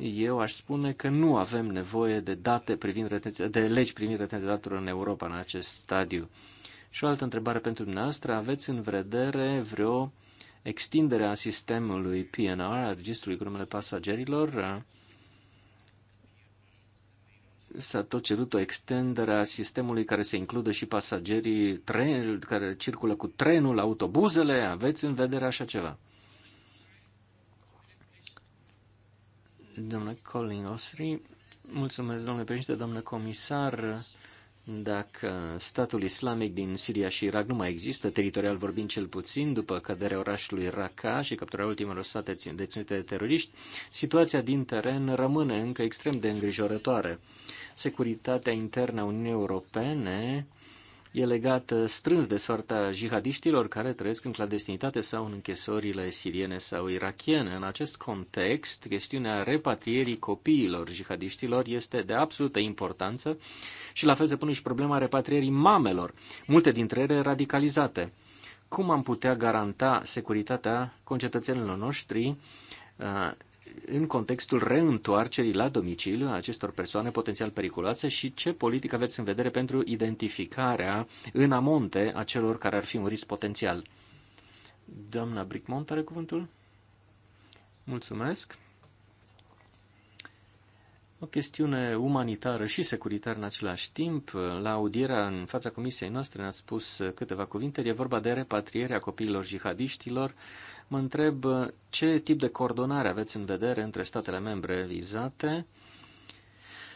Eu aș spune că nu avem nevoie de date privind retenția, de legi privind retenția datelor în Europa în acest stadiu. Și o altă întrebare pentru dumneavoastră, aveți în vedere vreo extindere a sistemului PNR, a registrului cu numele pasagerilor? s-a tot cerut o extindere a sistemului care să includă și pasagerii tren, care circulă cu trenul, autobuzele. Aveți în vedere așa ceva? Domnule Colin Osri, mulțumesc, domnule președinte, domnule comisar. Dacă statul islamic din Siria și Irak nu mai există, teritorial vorbind cel puțin, după căderea orașului Raqqa și capturarea ultimelor state deținute de teroriști, situația din teren rămâne încă extrem de îngrijorătoare securitatea internă a Uniunii Europene e legată strâns de soarta jihadiștilor care trăiesc în clandestinitate sau în închisorile siriene sau irachiene. În acest context, chestiunea repatrierii copiilor jihadiștilor este de absolută importanță și la fel se pune și problema repatrierii mamelor, multe dintre ele radicalizate. Cum am putea garanta securitatea concetățenilor noștri uh, în contextul reîntoarcerii la domiciliu a acestor persoane potențial periculoase și ce politică aveți în vedere pentru identificarea în amonte a celor care ar fi un risc potențial. Doamna Bricmont are cuvântul? Mulțumesc. O chestiune umanitară și securitară în același timp. La audierea în fața comisiei noastre ne-a spus câteva cuvinte. E vorba de repatrierea copiilor jihadiștilor. Uh, Mă întreb uh, ce tip de coordonare aveți în vedere între statele membre vizate.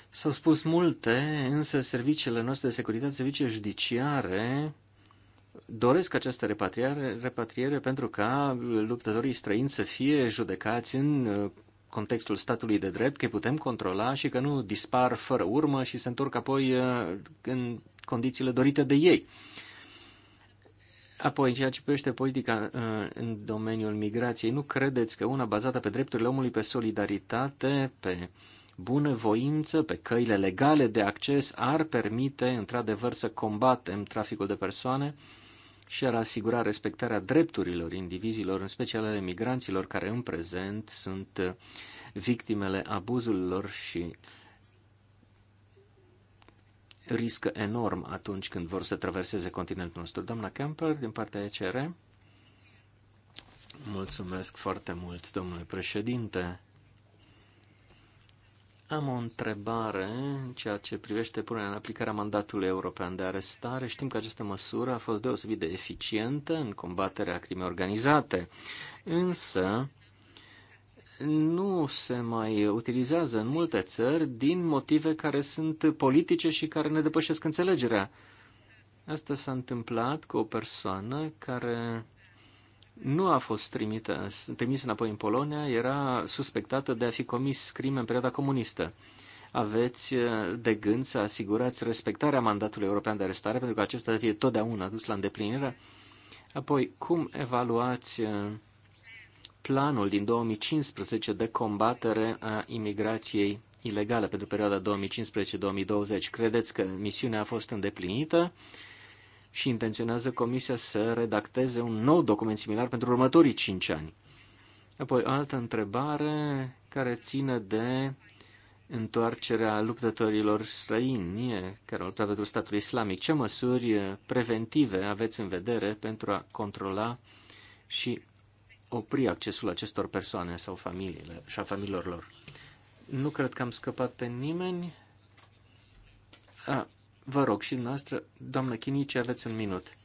S-au spus multe, însă serviciile noastre de securitate, serviciile judiciare, doresc această repatriere, repatriere pentru ca luptătorii străini să fie judecați în uh, contextul statului de drept, că putem controla și că nu dispar fără urmă și se întorc apoi uh, în condițiile dorite de ei. Apoi, ceea ce privește politica uh, în domeniul migrației, nu credeți că una bazată pe drepturile omului, pe solidaritate, pe bună voință, pe căile legale de acces ar permite, într-adevăr, să combatem traficul de persoane și ar asigura respectarea drepturilor indivizilor, în special ale migranților care în prezent sunt victimele abuzurilor și riscă enorm atunci când vor să traverseze continentul nostru. Doamna Kemper, din partea ECR. Mulțumesc foarte mult, domnule președinte. Am o întrebare în ceea ce privește punerea în aplicarea mandatului european de arestare. Știm că această măsură a fost deosebit de eficientă în combaterea crimei organizate, însă nu se mai utilizează în multe țări din motive care sunt politice și care ne depășesc înțelegerea. Asta s-a întâmplat cu o persoană care nu a fost trimită, trimis înapoi în Polonia, era suspectată de a fi comis crime în perioada comunistă. Aveți de gând să asigurați respectarea mandatului european de arestare pentru că acesta fie totdeauna dus la îndeplinire? Apoi, cum evaluați planul din 2015 de combatere a imigrației ilegale pentru perioada 2015-2020. Credeți că misiunea a fost îndeplinită și intenționează Comisia să redacteze un nou document similar pentru următorii 5 ani? Apoi, o altă întrebare care ține de întoarcerea luptătorilor străini care au luptat pentru statul islamic. Ce măsuri preventive aveți în vedere pentru a controla și opri accesul acestor persoane sau familiile și a familiilor lor. Nu cred că am scăpat pe nimeni. A, vă rog și noastră, doamnă Chinici, aveți un minut.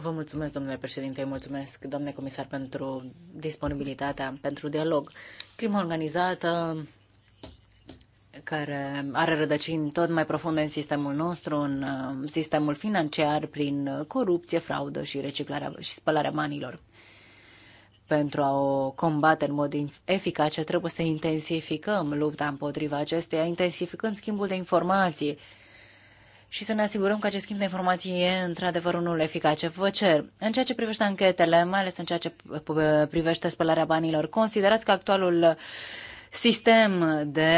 Vă mulțumesc, domnule președinte, mulțumesc, domnule comisar, pentru disponibilitatea, pentru dialog. Crima organizată care are rădăcini tot mai profunde în sistemul nostru, în uh, sistemul financiar, prin corupție, fraudă și reciclarea și spălarea banilor. Pentru a o combate în mod eficace, trebuie să intensificăm lupta împotriva acesteia, intensificând schimbul de informații și să ne asigurăm că acest schimb de informații e într-adevăr unul eficace. Vă cer, în ceea ce privește anchetele, mai ales în ceea ce privește spălarea banilor, considerați că actualul sistem de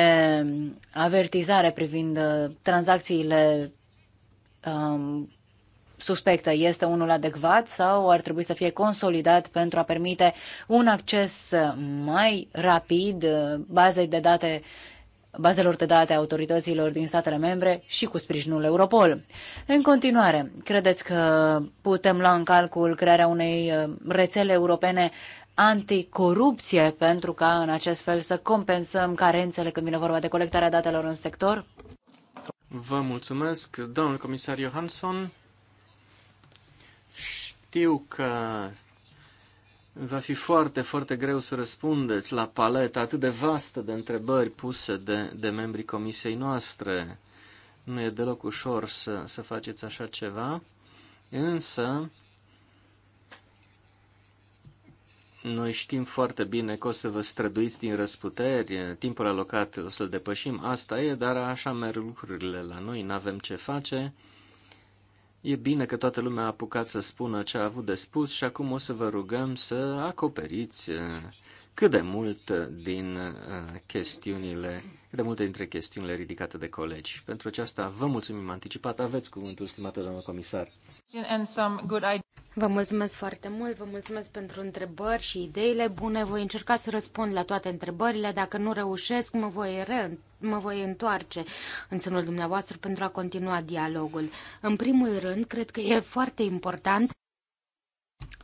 avertizare privind uh, tranzacțiile um, suspectă este unul adecvat sau ar trebui să fie consolidat pentru a permite un acces mai rapid uh, bazei de date bazelor de date a autorităților din statele membre și cu sprijinul Europol. În continuare, credeți că putem lua în calcul crearea unei uh, rețele europene anticorupție pentru ca în acest fel să compensăm carențele când vine vorba de colectarea datelor în sector? Vă mulțumesc, domnul comisar Johansson. Știu că va fi foarte, foarte greu să răspundeți la paleta atât de vastă de întrebări puse de, de membrii comisiei noastre. Nu e deloc ușor să, să faceți așa ceva, însă noi știm foarte bine că o să vă străduiți din răsputeri, timpul alocat o să-l depășim, asta e, dar așa merg lucrurile la noi, nu avem ce face. E bine că toată lumea a apucat să spună ce a avut de spus și acum o să vă rugăm să acoperiți eh, cât de mult eh, din eh, chestiunile, cât de multe dintre chestiunile ridicate de colegi. Pentru aceasta vă mulțumim anticipat. Aveți cuvântul, stimată doamnă comisar. Vă mulțumesc foarte mult, vă mulțumesc pentru întrebări și ideile bune. Voi încerca să răspund la toate întrebările. Dacă nu reușesc, mă voi, re- mă voi întoarce în sânul dumneavoastră pentru a continua dialogul. În primul rând, cred că e foarte important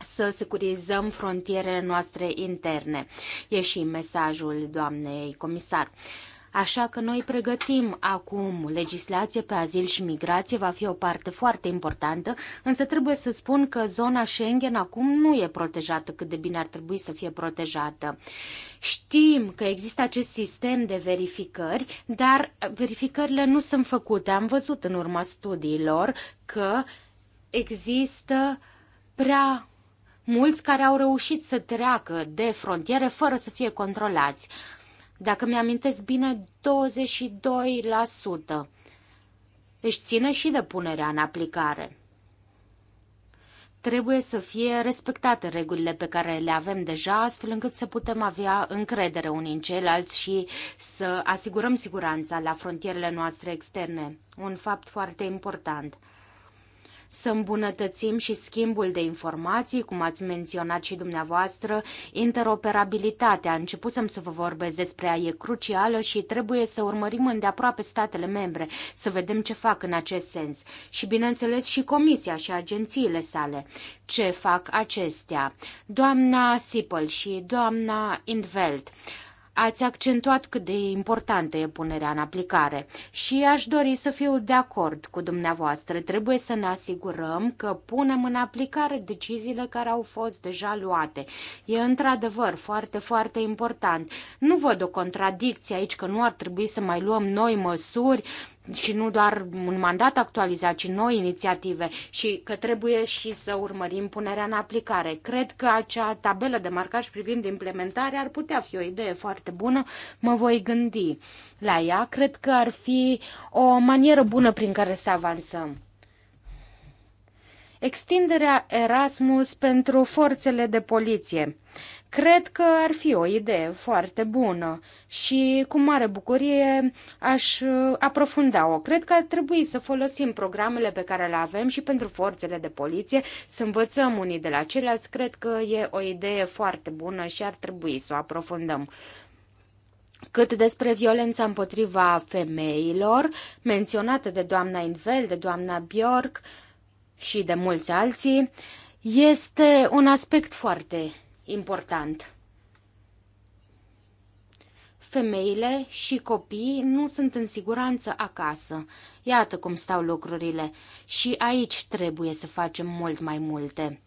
să securizăm frontierele noastre interne. E și mesajul doamnei comisar. Uh, Așa că noi pregătim acum legislație pe azil și migrație, va fi o parte foarte importantă, însă trebuie să spun că zona Schengen acum nu e protejată cât de bine ar trebui să fie protejată. Știm că există acest sistem de verificări, dar verificările nu sunt făcute. Am văzut în urma studiilor că există prea mulți care au reușit să treacă de frontiere fără să fie controlați dacă mi-amintesc bine, 22%. Deci ține și de punerea în aplicare. Trebuie să fie respectate regulile pe care le avem deja, astfel încât să putem avea încredere unii în ceilalți și să asigurăm siguranța la frontierele noastre externe. Un fapt foarte important să îmbunătățim și schimbul de informații, cum ați menționat și dumneavoastră, interoperabilitatea. Începusem să vă vorbesc despre ea, e crucială și trebuie să urmărim îndeaproape statele membre, să vedem ce fac în acest sens. Și, bineînțeles, și Comisia și agențiile sale. Ce fac acestea? Doamna Sipel și doamna Indveld ați accentuat cât de importantă e punerea în aplicare și aș dori să fiu de acord cu dumneavoastră. Trebuie să ne asigurăm că punem în aplicare deciziile care au fost deja luate. E într-adevăr foarte, foarte important. Nu văd o contradicție aici că nu ar trebui să mai luăm noi măsuri, și nu doar un mandat actualizat, ci noi inițiative și că trebuie și să urmărim punerea în aplicare. Cred că acea tabelă de marcaj privind implementarea ar putea fi o idee foarte bună, mă voi gândi la ea. Cred că ar fi o manieră bună prin care să avansăm. Extinderea Erasmus pentru forțele de poliție. Cred că ar fi o idee foarte bună și cu mare bucurie aș uh, aprofunda-o. Cred că ar trebui să folosim programele pe care le avem și pentru forțele de poliție, să învățăm unii de la ceilalți. Cred că e o idee foarte bună și ar trebui să o aprofundăm. Cât despre violența împotriva femeilor, menționată de doamna Invel, de doamna Bjork și de mulți alții, este un aspect foarte important. Femeile și copiii nu sunt în siguranță acasă. Iată cum stau lucrurile și aici trebuie să facem mult mai multe.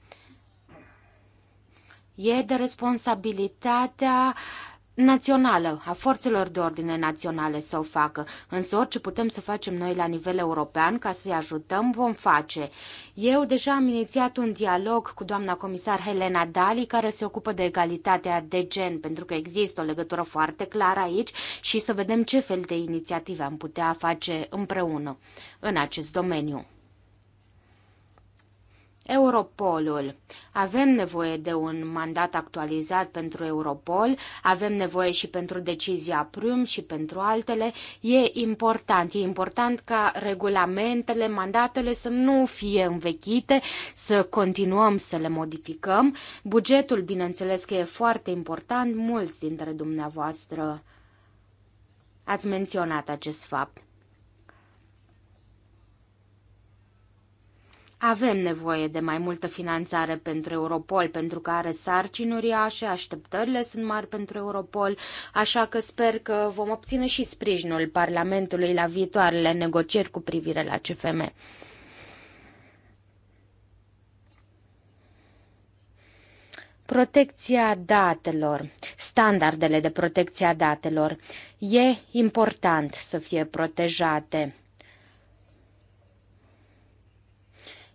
E de responsabilitatea uh, națională, a forțelor de ordine naționale să o facă. Însă orice putem să facem noi la nivel european ca să-i ajutăm, vom face. Eu deja am inițiat un dialog cu doamna comisar Helena Dali, care se ocupă de egalitatea de gen, pentru că există o legătură foarte clară aici și să vedem ce fel de inițiative am putea face împreună în acest domeniu. Europolul. Avem nevoie de un mandat actualizat pentru Europol, avem nevoie și pentru decizia Prüm și pentru altele. E important, e important ca regulamentele, mandatele să nu fie învechite, să continuăm să le modificăm. Bugetul, bineînțeles că e foarte important, mulți dintre dumneavoastră ați menționat acest fapt. Avem nevoie de mai multă finanțare pentru Europol, pentru că are sarcini uriașe, așteptările sunt mari pentru Europol, așa că sper că vom obține și sprijinul Parlamentului la viitoarele negocieri cu privire la CFM. Protecția datelor, standardele de protecție a datelor, e important să fie protejate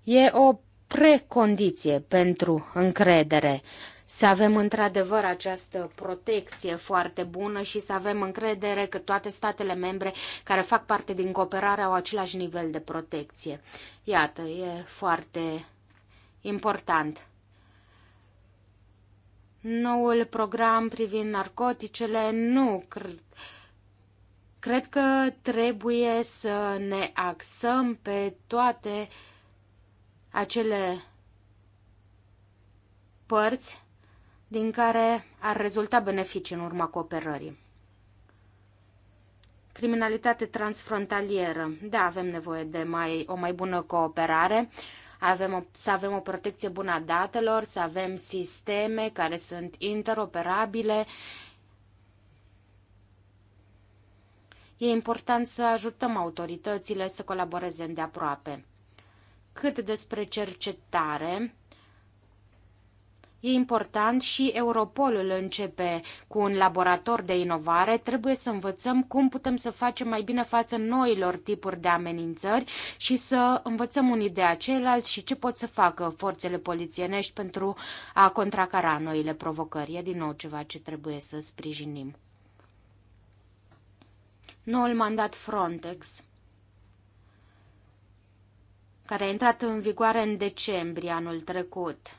E o precondiție pentru încredere să avem într-adevăr această protecție foarte bună și să avem încredere că toate statele membre care fac parte din cooperare au același nivel de protecție. Iată, e foarte important. Noul program privind narcoticele nu cred. Cred că trebuie să ne axăm pe toate uh, acele părți din care ar rezulta beneficii în urma cooperării. Criminalitate transfrontalieră. Da, avem nevoie de mai, o mai bună cooperare, avem o, să avem o protecție bună a datelor, să avem sisteme care sunt interoperabile. E important să ajutăm autoritățile să colaboreze îndeaproape cât despre cercetare, E important și Europolul începe cu un laborator de inovare. Trebuie să învățăm cum putem să facem mai bine față noilor tipuri de amenințări și să învățăm unii de ceilalți și ce pot să facă forțele polițienești pentru a contracara noile provocări. E din nou ceva ce trebuie să sprijinim. Noul mandat Frontex care a intrat în vigoare în decembrie anul trecut.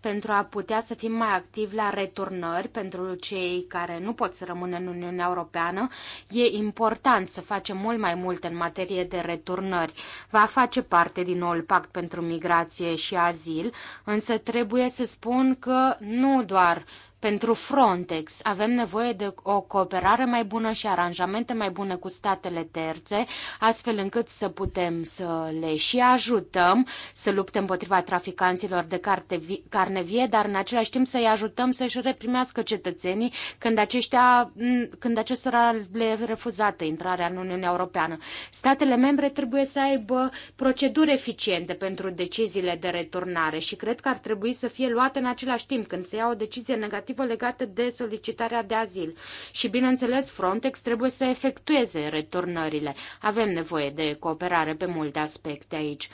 Pentru a putea să fim mai activi la returnări pentru cei care nu pot să rămână în Uniunea Europeană, e important să facem mult mai mult în materie de returnări. Va face parte din noul pact pentru migrație și azil, însă trebuie să spun că nu doar uh, pentru Frontex avem nevoie de o cooperare mai bună și aranjamente mai bune cu statele terțe, astfel încât să putem să le și ajutăm să lupte împotriva traficanților de carte, carne vie, dar în același timp să-i ajutăm să-și reprimească cetățenii când, aceștia, când acestora le refuzată intrarea în Uniunea Europeană. Statele membre trebuie să aibă proceduri eficiente pentru deciziile de returnare și cred că ar trebui să fie luate în același timp când se ia o decizie negativă directivă legată de solicitarea de azil. Și, bineînțeles, Frontex trebuie să efectueze returnările. Avem nevoie de cooperare pe multe aspecte aici.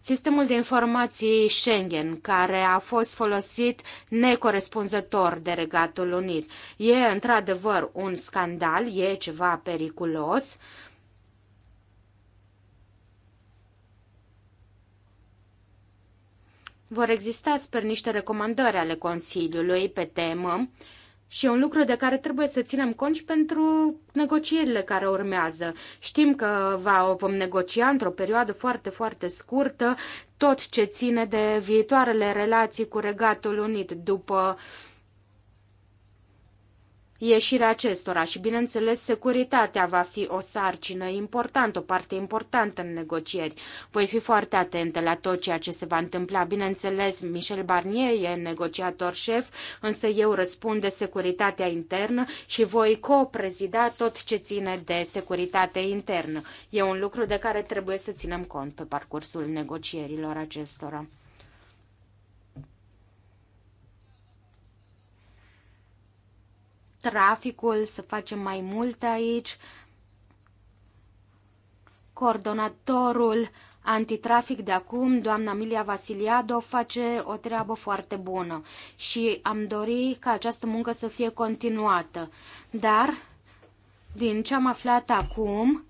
Sistemul de informații Schengen, care a fost folosit necorespunzător de Regatul Unit, e într-adevăr un scandal, e ceva periculos. Vor exista, sper, niște recomandări ale Consiliului pe temă și e un lucru de care trebuie să ținem cont și pentru negocierile care urmează. Știm că va, vom negocia într-o perioadă foarte, foarte scurtă tot ce ține de viitoarele relații cu Regatul Unit după uh, ieșirea acestora și, bineînțeles, securitatea va fi o sarcină importantă, o parte importantă în negocieri. Voi fi foarte atentă la tot ceea ce se va întâmpla. Bineînțeles, Michel Barnier e negociator șef, însă eu răspund de securitatea internă și voi coprezida tot ce ține de securitate internă. E un lucru de care trebuie să ținem cont pe parcursul negocierilor acestora. traficul, să facem mai mult aici. Coordonatorul antitrafic de acum, doamna Milia Vasiliado, face o treabă foarte bună și am dori ca această muncă să fie continuată. Dar, din ce am aflat acum,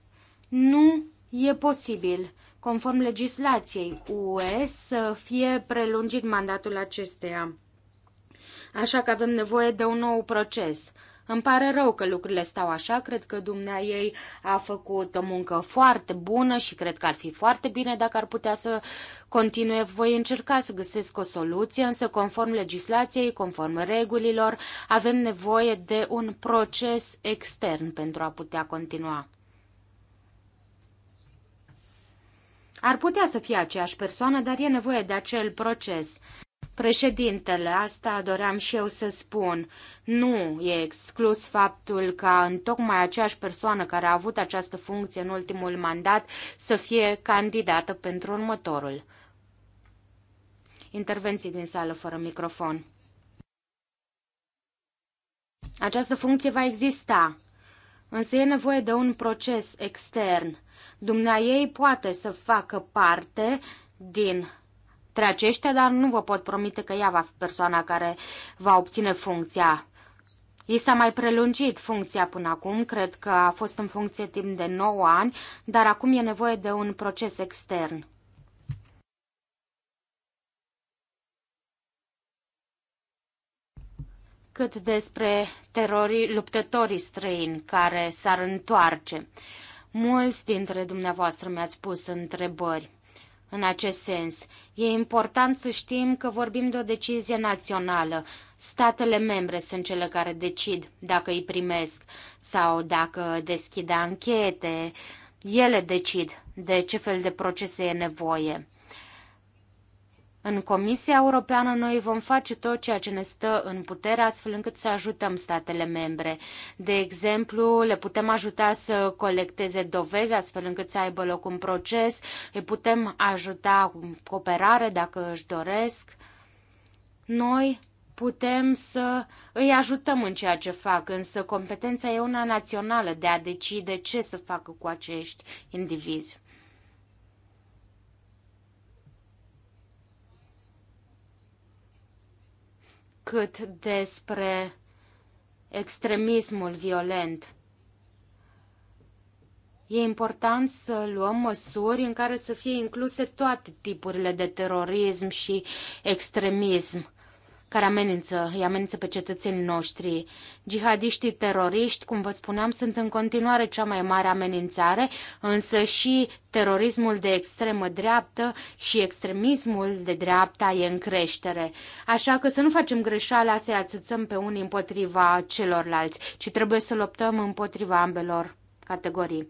nu e posibil, conform legislației UE, să fie prelungit mandatul acesteia așa că avem nevoie de un nou proces. Îmi pare rău că lucrurile stau așa, cred că dumnea ei a făcut o muncă foarte bună și cred că ar fi foarte bine dacă ar putea să continue. Voi încerca să găsesc o soluție, însă conform legislației, conform regulilor, avem nevoie de un proces extern pentru a putea continua. Ar putea să fie aceeași persoană, dar e nevoie de acel proces. Președintele, asta doream și eu să spun. Nu e exclus faptul ca în tocmai aceeași persoană care a avut această funcție în ultimul mandat să fie candidată pentru următorul. Intervenții din sală fără microfon. Această funcție va exista, însă e nevoie de un proces extern. Dumnea ei poate să facă parte din trecește, aceștia, dar nu vă pot promite că ea va fi persoana care va obține funcția. I s-a mai prelungit funcția până acum, cred că a fost în funcție timp de 9 ani, dar acum e nevoie de un proces extern. cât despre terorii, luptătorii străini care s-ar întoarce. Mulți dintre dumneavoastră mi-ați pus întrebări în acest sens. E important să știm că vorbim de o decizie națională. Statele membre sunt cele care decid dacă îi primesc sau dacă deschid anchete. Ele decid de ce fel de procese e nevoie. În Comisia Europeană noi vom face tot ceea ce ne stă în putere astfel încât să ajutăm statele membre. De exemplu, le putem ajuta să colecteze dovezi astfel încât să aibă loc un proces, îi putem ajuta cu cooperare dacă își doresc. Noi putem să îi ajutăm în ceea ce fac, însă competența e una națională de a decide ce să facă cu acești indivizi. cât despre extremismul violent. E important să luăm măsuri în care să fie incluse toate tipurile de terorism și extremism care amenință, îi amenință pe cetățenii noștri. Jihadiștii teroriști, cum vă spuneam, sunt în continuare cea mai mare amenințare, însă și terorismul de extremă dreaptă și extremismul de dreapta e în creștere. Așa că să nu facem greșeala să-i ațățăm pe unii împotriva celorlalți, ci trebuie să luptăm împotriva ambelor categorii.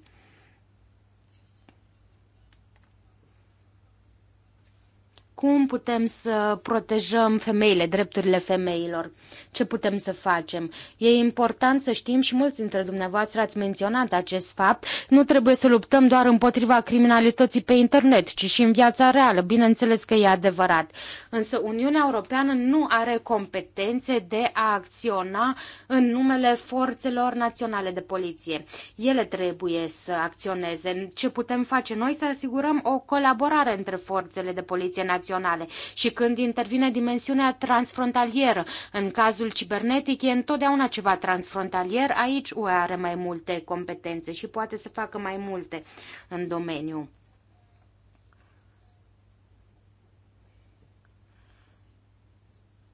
Cum putem să protejăm femeile, drepturile femeilor? Ce putem să facem? E important să știm și mulți dintre dumneavoastră ați menționat acest fapt. Nu trebuie să luptăm doar împotriva criminalității pe internet, ci și în viața reală. Bineînțeles că e adevărat. Însă Uniunea Europeană nu are competențe de a acționa în numele forțelor naționale de poliție. Ele trebuie să acționeze. Ce putem face noi? Să asigurăm o colaborare între forțele de poliție naționale naționale. Și când intervine dimensiunea transfrontalieră, în cazul cibernetic e întotdeauna ceva transfrontalier, aici UE are mai multe competențe și poate să facă mai multe în domeniu.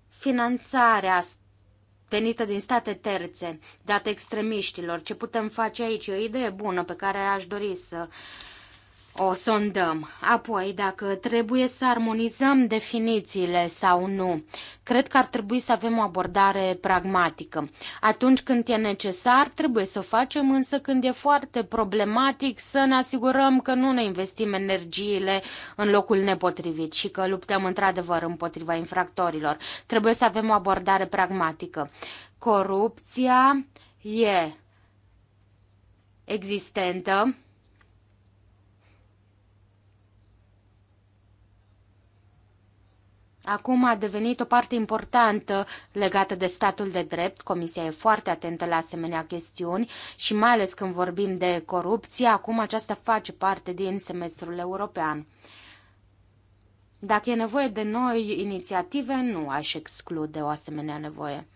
Finanțarea venită din state terțe, date extremiștilor. Ce putem face aici? E o idee bună pe care aș dori să uh, o sondăm. Apoi, dacă trebuie să armonizăm definițiile sau nu, cred că ar trebui să avem o abordare pragmatică. Atunci când e necesar, trebuie să o facem, însă când e foarte problematic să ne asigurăm că nu ne investim energiile în locul nepotrivit și că luptăm într-adevăr împotriva infractorilor. Trebuie să avem o abordare pragmatică. Corupția e existentă acum a devenit o parte importantă legată de statul de drept. Comisia e foarte atentă la asemenea chestiuni și mai ales când vorbim de corupție, acum aceasta face parte din semestrul european. Dacă e nevoie de noi inițiative, nu aș exclude o asemenea nevoie.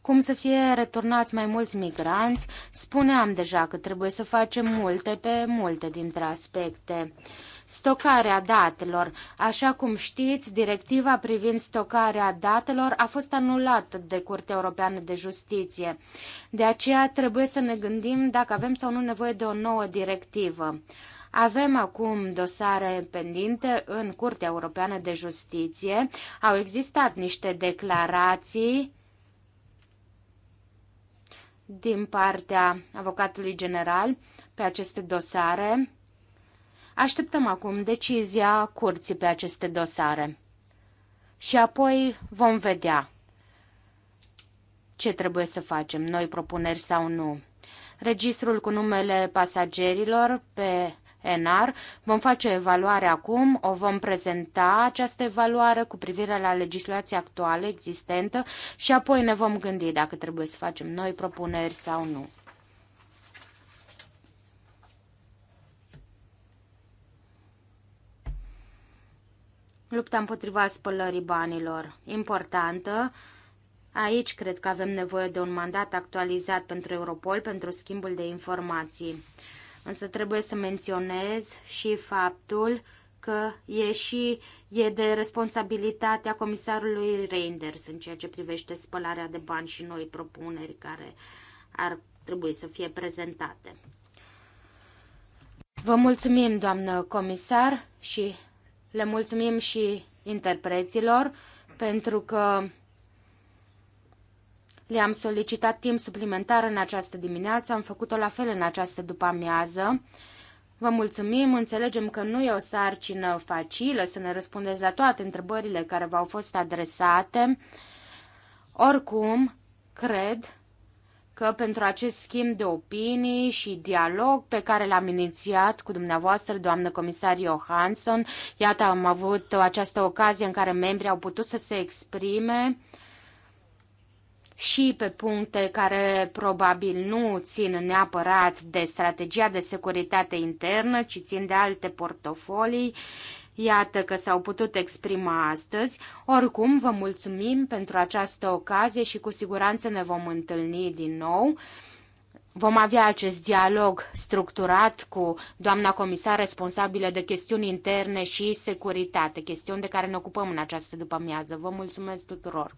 Cum să fie returnați mai mulți migranți? Spuneam deja că trebuie să facem multe pe multe dintre aspecte. Stocarea datelor. Așa cum știți, directiva privind stocarea datelor a fost anulată de Curtea Europeană de Justiție. De aceea trebuie să ne gândim dacă avem sau nu nevoie de o nouă directivă. Avem acum dosare pendinte în Curtea Europeană de Justiție. Au existat niște declarații din partea avocatului general pe aceste dosare. Așteptăm acum decizia curții pe aceste dosare. Și apoi vom vedea ce trebuie să facem, noi propuneri sau nu. Registrul cu numele pasagerilor pe ENAR. Vom face evaluare acum, o vom prezenta această evaluare cu privire la legislația actuală existentă și apoi ne vom gândi dacă trebuie să facem noi propuneri sau nu. lupta împotriva spălării banilor, importantă. Aici cred că avem nevoie de un mandat actualizat pentru Europol pentru schimbul de informații. Însă trebuie să menționez și faptul că e și e de responsabilitatea comisarului Reinders în ceea ce privește spălarea de bani și noi propuneri care ar trebui să fie prezentate. Vă mulțumim, doamnă comisar, și le mulțumim și interpreților pentru că le-am solicitat timp suplimentar în această dimineață, am făcut-o la fel în această după-amiază. Vă mulțumim, înțelegem că nu e o sarcină facilă să ne răspundeți la toate întrebările care v-au fost adresate. Oricum, cred că pentru acest schimb de opinii și dialog pe care l-am inițiat cu dumneavoastră, doamnă comisar Johansson, iată, am avut această ocazie în care membrii au putut să se exprime și pe puncte care probabil nu țin neapărat de strategia de securitate internă, ci țin de alte portofolii Iată că s-au putut exprima astăzi. Oricum, vă mulțumim pentru această ocazie și cu siguranță ne vom întâlni din nou. Vom avea acest dialog structurat cu doamna comisar responsabilă de chestiuni interne și securitate, chestiuni de care ne ocupăm în această după Vă mulțumesc tuturor!